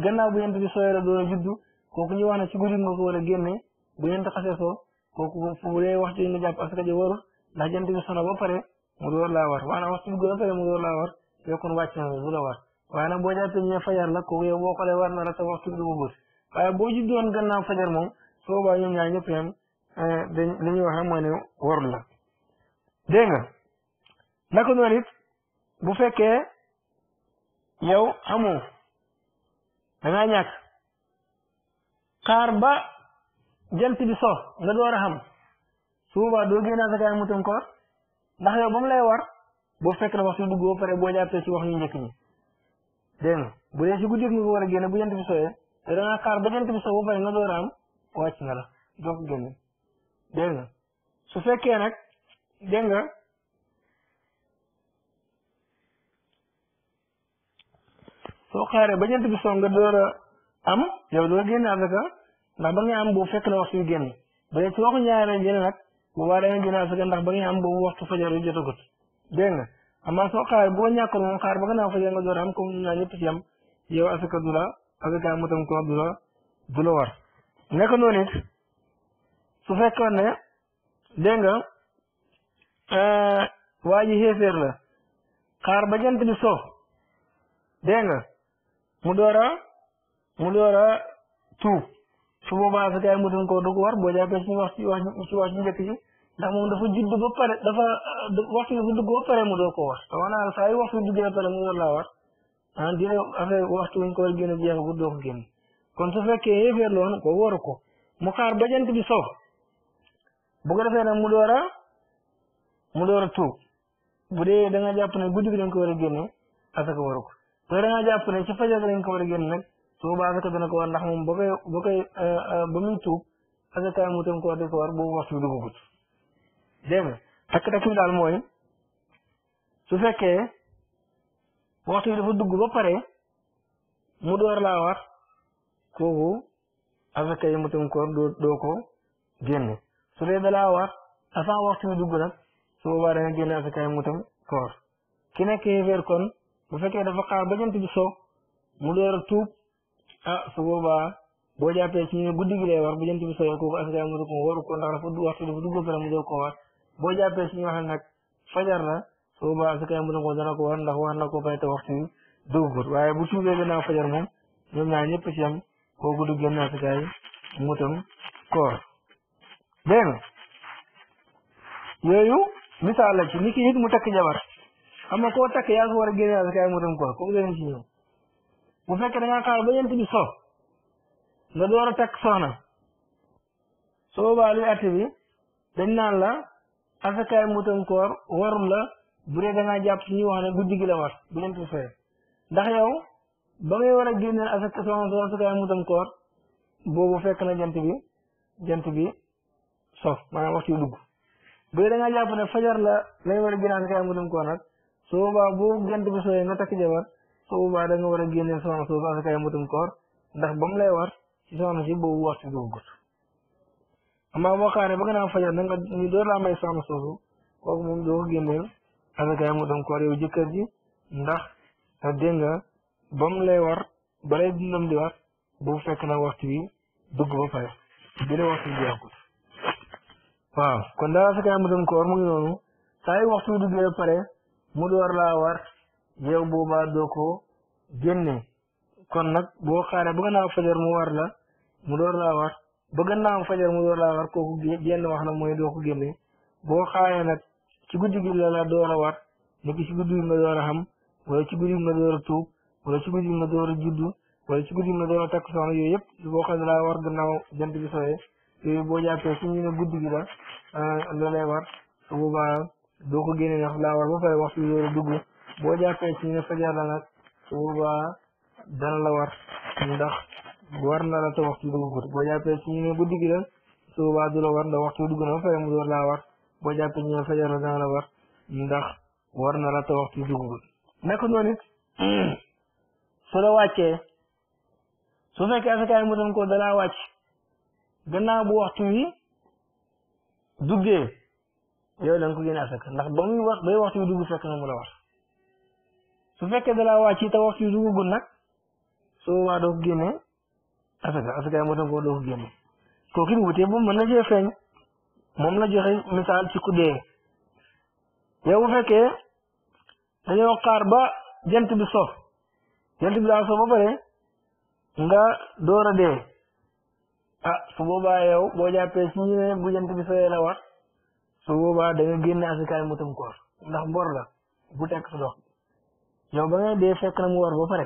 gannaaw bu jant bi sooyee la doon juddu kooku ñu wax ne ci guddi ko war a génne bu jant xasee soo kooku bu dee waxtu yi nga jàpp asaka ji warul ndax jant bi sono ba pare mu door laa war waaye waxtu bi ba pare mu door laa war yow kon wàcc na war waaye nag boo jàppee ñee fajar la kooku yow boo xoolee war na la sa waxtu du wóor waaye boo ji doon gannaaw fajar moom su boobaa ñoom ñaar ñëpp yam eh, it bu fekkee yow xamoo dangaa ñàkk ba jant bi soo nga door a xam su boobaa doo génnaa sa kaay mutum koor ndax yow ba mu lay war boo fekk na waxtu dugg ba pare boo jàppee si wax ñu njëkk ñi dégg nga bu dee si guddi a génne bu jant bi sooyee te da ngaa xaar ba jant ba pare nga door a am wàcc na la doo ko génne dégg nga su fekkee nag dégg nga soo xaaree ba jant bi soo nga door a am yow doo génne asaka am boobu fekk na waxtu yu génn ba dee ci waxu ñaareel génne nag bu baax da nga génne am boobu waxtu fajar yu jotagut dégg nga amaa soo xaar boo ñàkkoon moom xaar ba gannaaw fajar nga door am comme ñu naan ñëpp ci yow asaka du la mutam koor du la war nekk noonu su fekkoon ne dégg nga euh, waa la xaar ba jant bi so dégg mu door a mu door a tuub su boobaa asaka mutam koor du war boo jàppee ci wax ci wax ci wax ci njëkk ji ndax moom dafa judd ba pare dafa euh, waxtu bi bu dugg ba pare mu doo ko war dama naan saa yu waxtu bi duggee ba pare mu war laa war ah a affaire waxtu wuñ ko war génn bu doo ko génn kon su fekkee yéeféer la woon ko waru ko mu xaar ba jant bi soo bu ko defee nag mu door a mu door a tuub bu dee da nga jàpp ne guddi bi dañ ko war a génne asaka waru ko bu dee da nga jàpp ne ci fajar dañ ko war a génne nag su boobaa asaka dana ko war ndax moom ba koy ba koy euh, euh, ba muy tuub asaka mu tam ko war ko war boobu waxtu bi duggagut dégg nga takk-takk bi daal mooy su fekkee waxtu dafa dugg ba pare mu door laa war kooku asaka yi mutum koor doo doo ko génne su dee dalaa war avant waxtu dugg nag su boobaa dana génne asaka yi mutum koor ki nekk yéeféer kon bu fekkee dafa xaar ba jant bi so mu door a tuub ah su boobaa boo jàppee ci ñu guddi gi lay war bu jant bi sowee kooku asaka mutum ko waru ndax dafa waxtu dafa dugg pare mu door koo war boo jàppee suñu waxal nag fajar la su boobaa su koy mu ko ko war na ko fay te waxtu yi dugugut fajar moom ñoom ñaar ñëpp ci am koo gudd gannaaw si kaay mutam koor dégg nga yooyu misaal la ci ki nit mu takk jabar xam nga koo takk yaa ko war a génnaaw si kaay mutam koor kooku danañ ci ñëw bu fekkee da ngaa ba yent bi so nga door a takk soxna su boobaa bi dañ naan la asakaay mutam koor warum la bu dee da jàpp ci ñuy wax ne guddi gi la war bu leen fay ndax yow ba ngay war a génneel asaka soo asakaay mutam koor boobu fekk na jant bi jant bi sof maanaam waxtu yu dugg bu dee jàpp ne fajar la lañ war a génne asakaay mutam su boobaa boo jant bi sooyee nga takk jabar a génneel soxna soobu asakaay mutam koor ndax ba lay war ci soxna si boobu waxtu duggut amma boo xaaree ba nga naan fajar na door laa may sàmm soosu kooku moom doo ko génneel asakaay mu doon koor yow jëkkër ji ndax dégg nga lay war balay dundam di war bu fekk na waxtu wi dugg ba pare bi la waxtu bi jeexut kon daal asakaay mu doon koor mu ngi noonu saa waxtu wi ba pare mu door laa war yow boobaa doo ko génne kon nag boo xaaree ba nga naan fajar mu war la mu door laa war ba naa am fajar mu door laa war kooku génn wax na mooy doo ko génne boo xaayee nag ci guddi gi la la door a war ni ki ci guddi gi nga door ci guddi gi nga door a tuub wala ci guddi gi nga door a juddu wala ci guddi gi nga door a takk soxna yooyu yëpp boo xam ne laa war gannaaw jant bi sooyee boo jàppee su ñu guddi gi la ah, la war su boobaa doo ko génne ndax laa war ba pare waxtu bi boo jàppee su ñu ne la nag su dana la war ndax war na la te waxtu bi dugg boo jàppee ci ñu ne bu digg war ndax waxtu bi dugg na ba pare mu door war boo jàppee ñu ne fajar la dana war ndax war na la te waxtu bi dugg naka noonu it su la wàccee su fekkee asakaay ko dalaa wàcc gannaaw bu waxtu wi duggee yow da nga ko génne asaka ndax ba muy wax bay waxtu wi dugg fekk na mu la fekkee dalaa wàcc te waxtu wi duggagul asaka asaka moo koo doo ko génne kooku it wutee boobu mën na cee feeñ moom la joxe misaal ci ku dee yow bu fekkee dañoo xaar ba jant bi so jant bi daa so ba pare nga door dee ah su boobaa yow boo jàppee si ñu ne bu jant bi soyee la wax su boobaa da nga génne asakaay mutum koor ndax bor la bu tekk su dox yow ba ngay dee fekk na mu war ba pare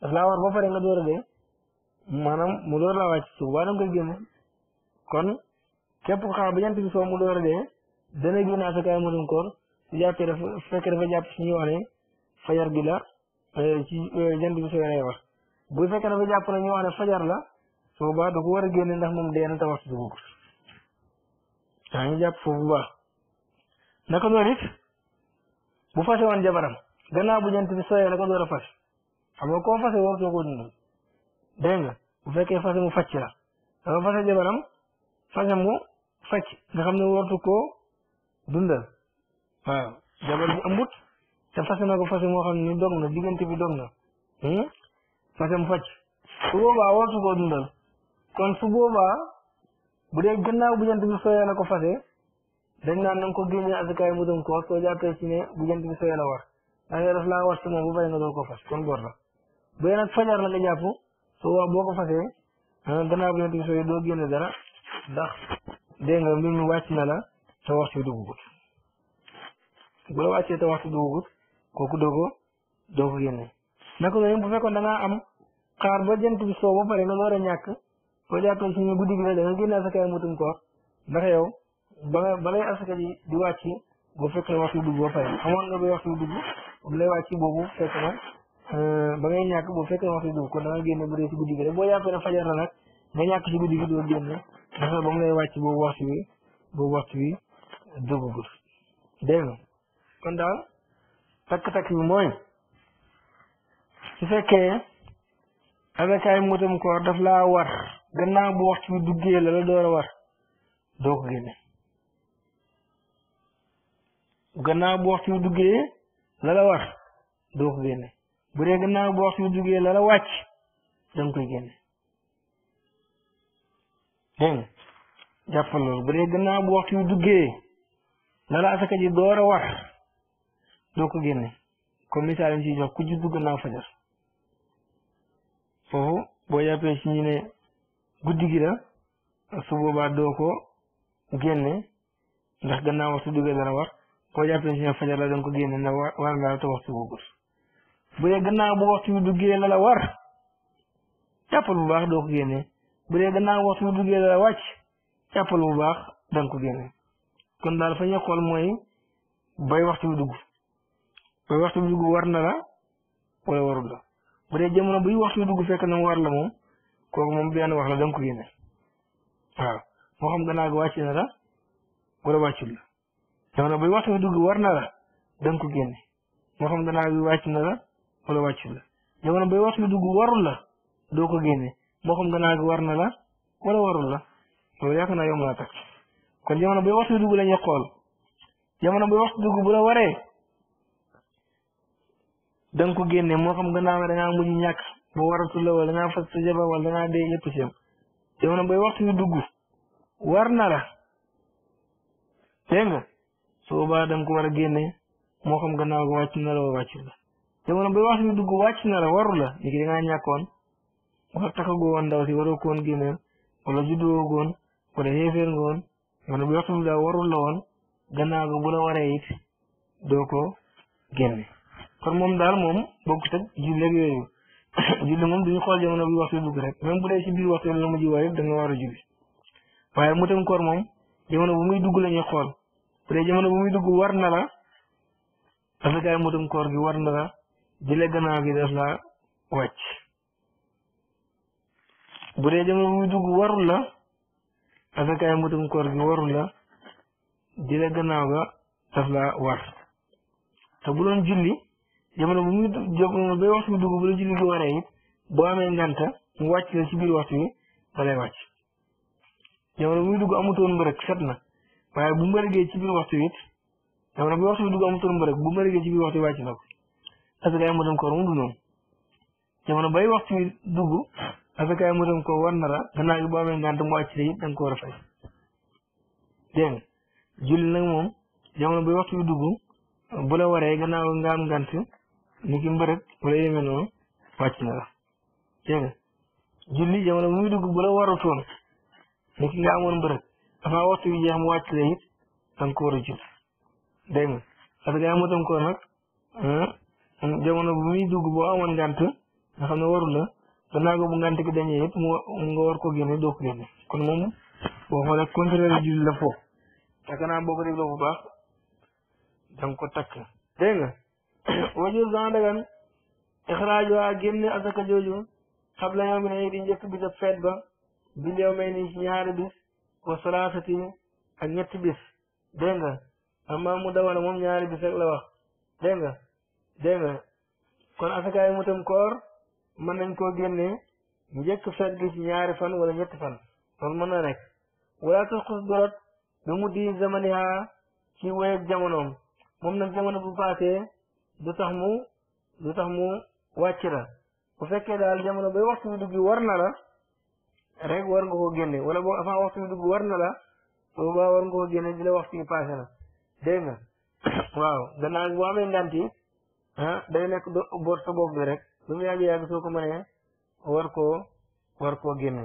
daf laa war ba pare nga door dee maanaam mu door la wàcc su boobaa da nga koy génne kon képp ku xam ba jant bi soo mu door a dee dana génne asakaay mosum koor su jàppee dafa su fekkee dafa jàpp si ñuy wax ne fajar bi la euh, ci euh, jant bi soo lay wax bu fekkee dafa jàpp ne ñu wax ne fajar la su boobaa da ko war a génne ndax moom dee na te waxtu dugg daa ngi jàpp foofu bu baax naka noonu it bu fase woon jabaram gannaaw bu jant bi sooyee la ko door a fas xam nga koo fase warutoo ko dundal dégg nga bu fekkee fase mu facc la dama fase jabaram fase mu facc nga xam ne wartu koo dundal waaw jabar bu ambut te fase na ko fase moo xam ni dog na diggante bi dog na hmm? fase mu facc su boobaa wartu koo dundal kon su boobaa bu dee gannaaw bu jant bi soyee la ko fase dañ naan na nga ko génnee asakaay mu dem ko soo jàppee ci ne bu jant bi soyee la war da nga def laa war sama bu fay nga doo ko fas kon bor la bu yéen ak fajar la nga jàpp su boo ko fasee ah, gannaaw bi yonent bi dara ndax dégg nga mbir mi wàcc na la te waxtu bi duggugut bu la wàccee te kooku doo ko doo bu fekkoon da am xaar ba jant bi soo ba war a ñàkk boo jàppee si ñu guddi gi la da mutum koor ndax yow ba nga ba lay asaka ji di wàcc boo fekk ne waxtu dugg ba pare xamoon nga ba waxtu dugg bu Euh, ba ngay ñàkk bu fekkee waxtu dugg ko da nga génn bu dee si guddi gi rek boo jàppee ne fajar nag nga ñàkk si guddi gi doo génn dafa ba mu lay wàcc boobu waxtu bi boobu waxtu bi su fekkee avec ay mutam koor daf duggee la la door a war doo ko génne gannaaw bu waxtu bi duggee la war doo ko génne bu dee gannaaw bu waxtu bi duggee la la da nga koy génne dégg nga jàppal loolu bu dee gannaaw bu waxtu bi duggee la la asaka ji door a war doo ko génne comme misaal yi ci jox ku juddu gannaaw fajar foofu boo jàppee ci ñu ne guddi gi la su boobaa doo ko génne ndax gannaaw la da nga ko na war naa la te waxtu boobu bu dee gannaaw bu waxtu wi duggee la la war jàppal bu baax doo ko génne bu dee bu waxtu wi duggee la la bu baax danga ko génne kon daal fa ñuy xool mooy bay waxtu wi dugg bay waxtu wi war na la wala warul la bu dee jamono buy waxtu wi dugg na mu war la moom kooku moom benn wax la danga ko génne waaw moo xam gannaaw gi wàcc na la wala wàccul la jamono buy waxtu wi dugg war na la danga ko génne moo xam gannaaw gi la wala wàccul la jamono bay waxtu dugg warul la doo ko génne moo xam gannaaw gi war na la wala warul la loolu na yom yomb naa tax kon jamono bay waxtu dugg la ñu xool jamono bay waxtu dugg bu la waree da nga ko génne moo xam gannaaw gi da ngaa mujj ñàkk ba waratul la wala da ngaa fas sa wala da ngaa dee lépp si yam bay waxtu bi dugg war na la dégg nga su boobaa da ko war a génne moo xam gannaaw gi wàcc la wala wàccul jamono ba waxtu bi dugg wàcc na la waru la ni ki da ngaa ñàkkoon wala takkagoo woon ndaw wala juddoo goon wala yéeféer ngoon jamono bi waxtu bi daa warul la woon gannaaw ga bu la waree it doo kon moom daal moom bokkut ak julli ak yooyu [COUGHS] julli moom duñu xool jamono bi waxtu dugg rek même bu dee si biir waxtu la mu ji waaye da nga war a julli waaye mu tam koor moom jamono bu muy dugg la xool bu dee dugg war na la mu tam koor gi war la di la gannaaw gi def la wàcc bu dee jamono bu dugg warul la asakaay mutum koor gi warul la di la gannaaw ga daf war te bu doon julli jamono bu muy jamono bay waxtu bi dugg bu la julli gi waree it boo amee nganta mu wàcc la ci biir waxtu bi da lay wàcc jamono bu muy dugg amutoon mbërëg set na waaye bu mbërëgee ci biir waxtu bi it jamono bu waxtu asakaay mu dem koor ko dundoon jamono bay waxtu wi dugg asakaay mu dem koor war na la gannaaw gi boo amee ngànt mu wàcc la it da nga ko war a fay moom jamono bay waxtu wi dugg bu la waree gannaaw nga am ngànt ni ki mbërëg wala yéeme noonu wàcc na la dégg nga julli jamono bu muy dugg bu la warutoon ni wi jeex mu wàcc la it da nga ko a jul dégg nga asakaay mu dem jamono bu muy dugg boo amoon ngànt nga xam ne warul la gannaaw ga bu ngànt gi dañee mu nga war ko génne doo ko génne kon moom boo xoolee contraire julli la foofu te gannaaw boo ko bu baax danga ko takk dégg nga [COUGHS] wajur san dagan ixraaj waa génne asaka jooju xab la yow mi ni ci bis wa salaasati ak bis dégg nga mu dawal moom ñaari bis rek la wax dégg nga kon asakaay mutam koor mën nañ koo génne njëkk fekk ci ñaari fan wala ñetti fan loolu mën na nekk wala tasxus dorot ba mu di zamaniha ci wéyeg jamonoom moom nag jamono bu paasee du tax mu du tax mu wàcc la bu fekkee daal jamono bay waxtu bi dugg war na la rek war nga ko génne wala boo avant waxtu bi dugg war na la booba war nga ko génne di la [COUGHS] ah day nekk boot sa bopp bi rek lu mu yàgg-yàgg soo ko mënee war koo war koo génne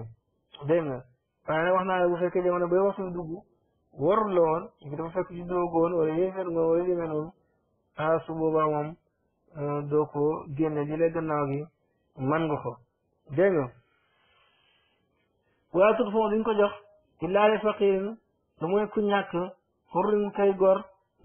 dégg nga waaye nag wax naa ne bu fekkee jamono bay waxtu dugg warul la woon ngi dafa fekk ci doogoon wala yéefeer nga wala limee noonu ah su ah, man nga ko dégg nga tut foofu duñ ko jox illaa li faqirin lu mooy ku ñàkk xurrin kay gor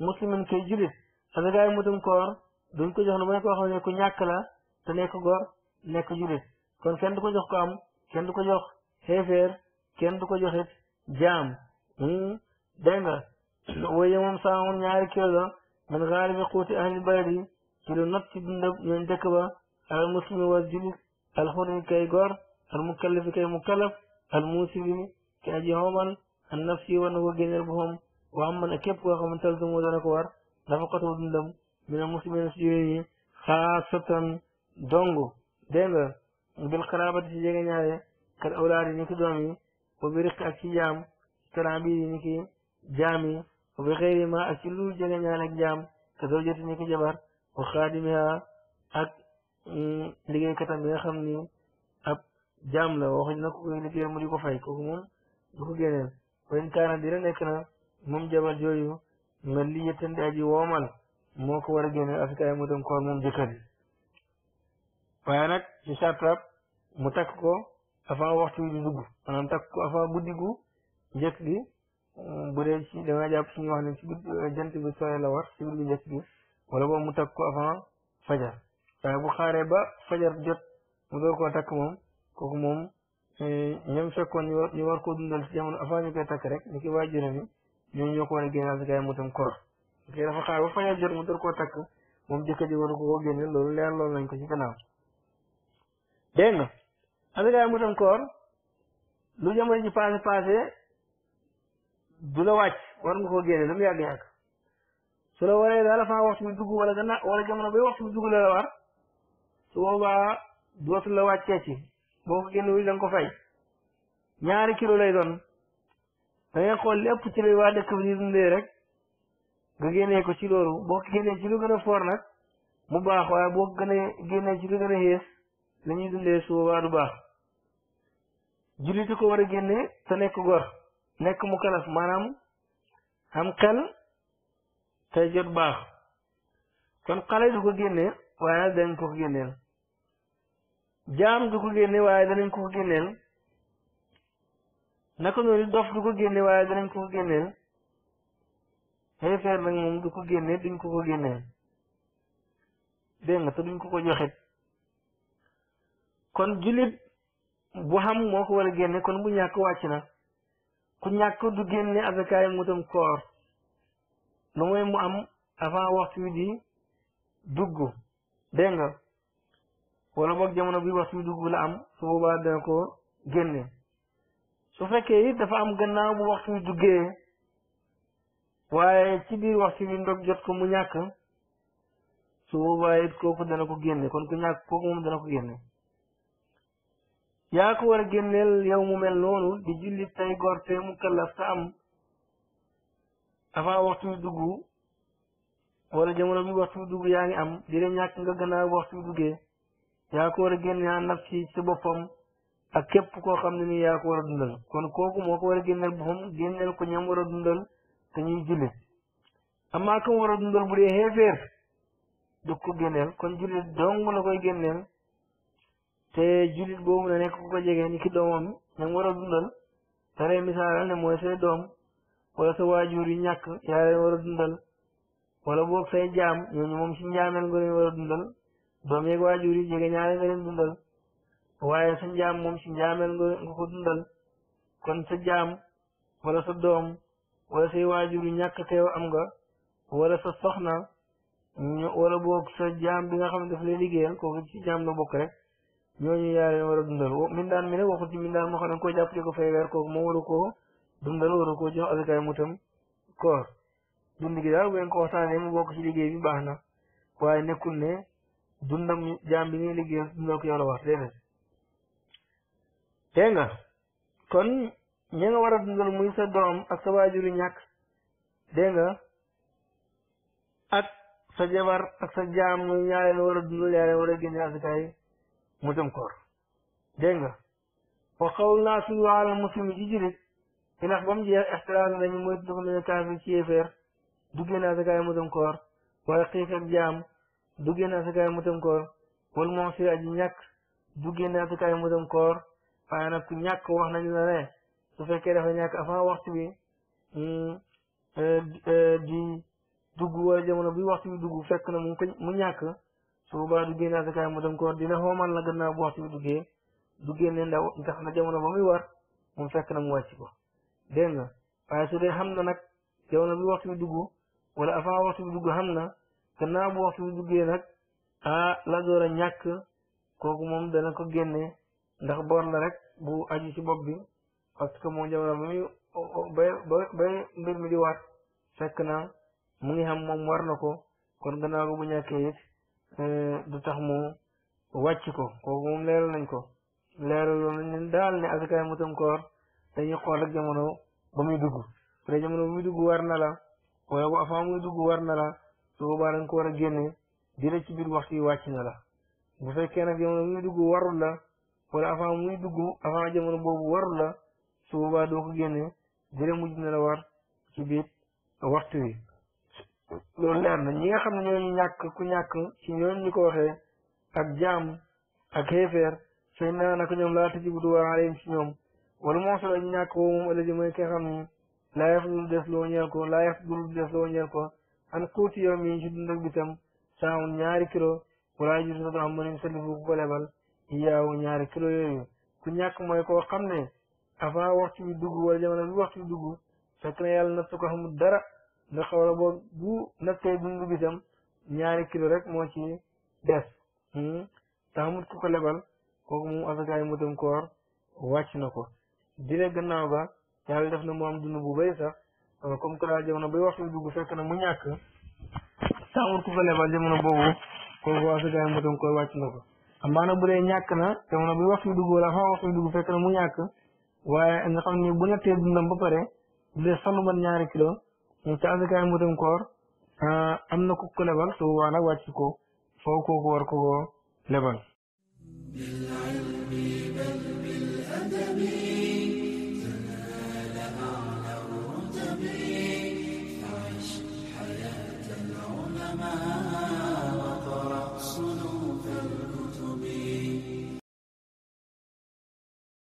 muslimin kay julit parce que gars duñ ko jox lu may koo xam ne ku ñàkk la te nekk góor nekk julit kon kenn du ko jox ko am du ko jox xeefeer kenn du ko jox it jaam hmm, dégg nga hmm. waye moom saamun ñaari kilo la man xaali bi xuuti ahli baladi ci lu not ci dund ñoom dëkk ba al muslimi wal julit al xuri kay góor al mukallafi kay mukallaf al musibi kay aji xoomal an nafsi war na ko génneel boppam wa am man a képp koo xamante ne dana ko war nafaqatu dundam mina muslimin si yooyu xaasatan dong dégg nga bil xaraabati si jege ñaare kal awlaad yi ni ki doom yi bi riq ak ci jaam kalam bi ni ki jaam yi wa bi xëyri ak ci lu jege ñaare ak jaam te ki jabar wa xaadimiha ak mm, liggéeykatam bi nga xam ni ab jaam la waxuñ na ko liggéey mu di ko fay kooku moom du ko génneel wa in kaana dina nekk na moom jabar jooyu nga liyatandi aji moo ko war a génne asaka ay mutam koor moom jëkkër ji waaye nag ci sartab mu takk ko avant waxtu di dugg maanaam takk ko avant guddi gu njëkk gi euh, bu dee ci da nga suñu wax ne ci guddi euh, jant bi sooy la war ci guddi njëkk gi wala boobu mu takk ko avant fajar waaye bu xaaree ba fajar jot mu door koo takk moom kooku moom euh, ñoom fekkoon ñu war koo dundal ci jamono avant ñu koy takk rek ni ki waajuram yi ñoo ñoo ko war a génne asaka ay mutam koor parce que dafa xaar ba fajar jot mu door koo takk moom jëkkër ji waru ko koo génne loolu leer loolu nañ ko ci gannaaw dégg nga andagaay musam koor lu jamono ji passé passé du la wàcc war nga koo génne lu mu yàgg-yàgg su la waree daal fa waxtu bi dugg wala gannaaw wala jamono bay waxtu bi dugg la la war su boobaa dootu la wàccee ci boo ko génnewul da nga ko fay ñaari kilo lay doon da ngay xool lépp ci lay waa dëkk bi ni dundee rek nga génnee ko ci loolu boo génnee ci lu gën a foor mu baax waaye boo gën a génnee ci lu gën a xees la ñuy dundee du baax jullitu ko war a génne te nekk gor nekk mu kalaf maanaam am xel tey jot baax kon xale du ko génne waaye danañ ko ko génneel jaam du ko génne waaye danañ ko ko génneel naka du ko ko mais fer nag moom du ko génne duñ ko ko génneel dégg nga te duñ ko ko joxit kon jullit bu xam moo ko war a kon bu ñàkk wàcc na ku ñàkk du génne azakaayam mutam koor lu mooy mu am avant waxtu wi di dugg dégg nga wala boog jamono bi waxtu la am su boobaa dana ko génne su fekkee dafa am gannaaw bu waxtu waaye ci biir waxtu bi ndog jot ko mu ñàkk su boobaa kooku dana ko génne kon ku ñàkk kooku moom dana ko génne yaa ko war a génneel yow mu mel noonu di jullit tay góor te mu kallaf ta am avant waxtu bi dugg wala jamono bi waxtu bi dugg yaa ngi am di ñàkk nga gannaaw waxtu bi duggee yaa ko war a génne yaa naf ci sa boppam ak képp koo xam ne yaa ko war a dundal kon kooku moo ko war a génneel boppam génneel ko ñam war a dundal te ñuy jullit amaa kam war a dundal bu dee xeeféer du ko génneel kon jullit dong la koy génneel te jullit boobu na nekk ko jege ni ki doomam ñam war dundal te lay misaalal mooy say doom wala sa waajur yi ñàkk yaa leen war dundal wala boog say jaam ñooñu moom si njaameel nga leen dundal doom yeeg waajur yi jege ñaare nga leen dundal waaye sa njaam moom si njaameel nga ko dundal kon sa jaam wala sa doom wala si waajur yu ñàkk teew am nga wala sa soxna wala boog sa jaam bi nga xam ne daf jaam la ñooñu yaa a dundal min daan mi ne waxut ci min daan moo xam ne koo jàpp di ko fay weer kooku moom waru koo dundal waru koo jox azakaay mutam koor dund gi daal baax na waaye nekkul ne dundam jaam bi ngay liggéeyal dundal ko yow la wax ñi nga war a dundal muy sa doom ak sa waajuru ñàkk dégg nga ak sa jabar ak sa jaam muy ñaareel war a dundal yaa leen mu dem koor dégg nga wa xawul naa ndax ba mu jeex ixtiraam nañu mooy dafa mel kaafir ci yéeféer du génne asakaay mu dem koor waaye xiif ak jaam du mu dem koor wala moom si aji ñàkk du génne asakaay mu dem koor waaye nag ku ñàkk wax na ne su fekkee dafa ñàkk avant waxtu bi euh, euh, di wala jamono bi waxtu bi dugg fekk na mu ko mu ñàkk su boobaa a génne asakaay mu dem koor dina xoomal na gannaaw bu waxtu bi duggee du génne ndaw ndax na jamono ba muy war mu fekk na mu wàcc ko dégg nga waaye su dee xam na nag jamono bi waxtu bi dugg wala avant waxtu bi dugg xam na gannaaw bu waxtu bi duggee nag ah la door a ñàkk kooku moom dana ko génne ndax bor la rek bu aju ci bopp bi parce que moom jamono ba muy ba ba mbir mi di waat fekk na mu ngi xam moom war ko kon gannaaw ga bu ñàkkee it euh, du tax mu wàcc ko kooku moom leeral nañ ko leeral loolu nañ daal ne asakaay mutum koor dañuy xool ak jamono ba muy dugg bu dee jamono ba muy dugg war na la waaye bu avant muy ko war a génne dina ci biir waxtu yi wàcc na la bu fekkee nag la wala avant muy dugg avant jamono boobu warul la su boobaa doo ko génne la war ci waxtu wi loolu leer na ñi xam ne ñooñu ñàkk ku ñàkk ci ñoom ñu ko waxee ak jaam ak xeefeer fay naa naka ñoom laa tëji budu waa alayhim ci ñoom wala moo solo ñu ñàkk woo moom ëllëg mooy xam ni laa yaf des loo ñeel ko laa yaf des loo ñeel ko an kuuti yow mii ci dund bitam saawun ñaari kilo wala ji soo am mënuñ salifu ku ko lebal yaaw ñaari kilo yooyu ku ñàkk mooy koo xam ne avant waxtu bi dugg wala jamono bi waxtu bi dugg fekk na yàlla natt ko dara ndax xaw la bu nattee dund bi tam ñaari kilo rek moo ci des hmm? te xamut ku ko lebal kooku moom asakaay mu tam koor wàcc na ko dile gannaaw ba yàlla def na mu am dund bu bëri sax comme que daal jamono bay waxtu bi dugg fekk na mu ñàkk te xamut ku ko lebal jamono boobu kooku asakaay mu tam koor wàcc na ko amaana bu dee ñàkk na jamono bi waxtu bi wala avant waxtu bi dugg fekk mu ñàkk waaye nga xam ne bu nattee dundam ba pare bu dee sax lu mat ñaari kilo te mutam koor ah, am na ku ko lebal su boobaa nag ko foofu kooku war ko lebal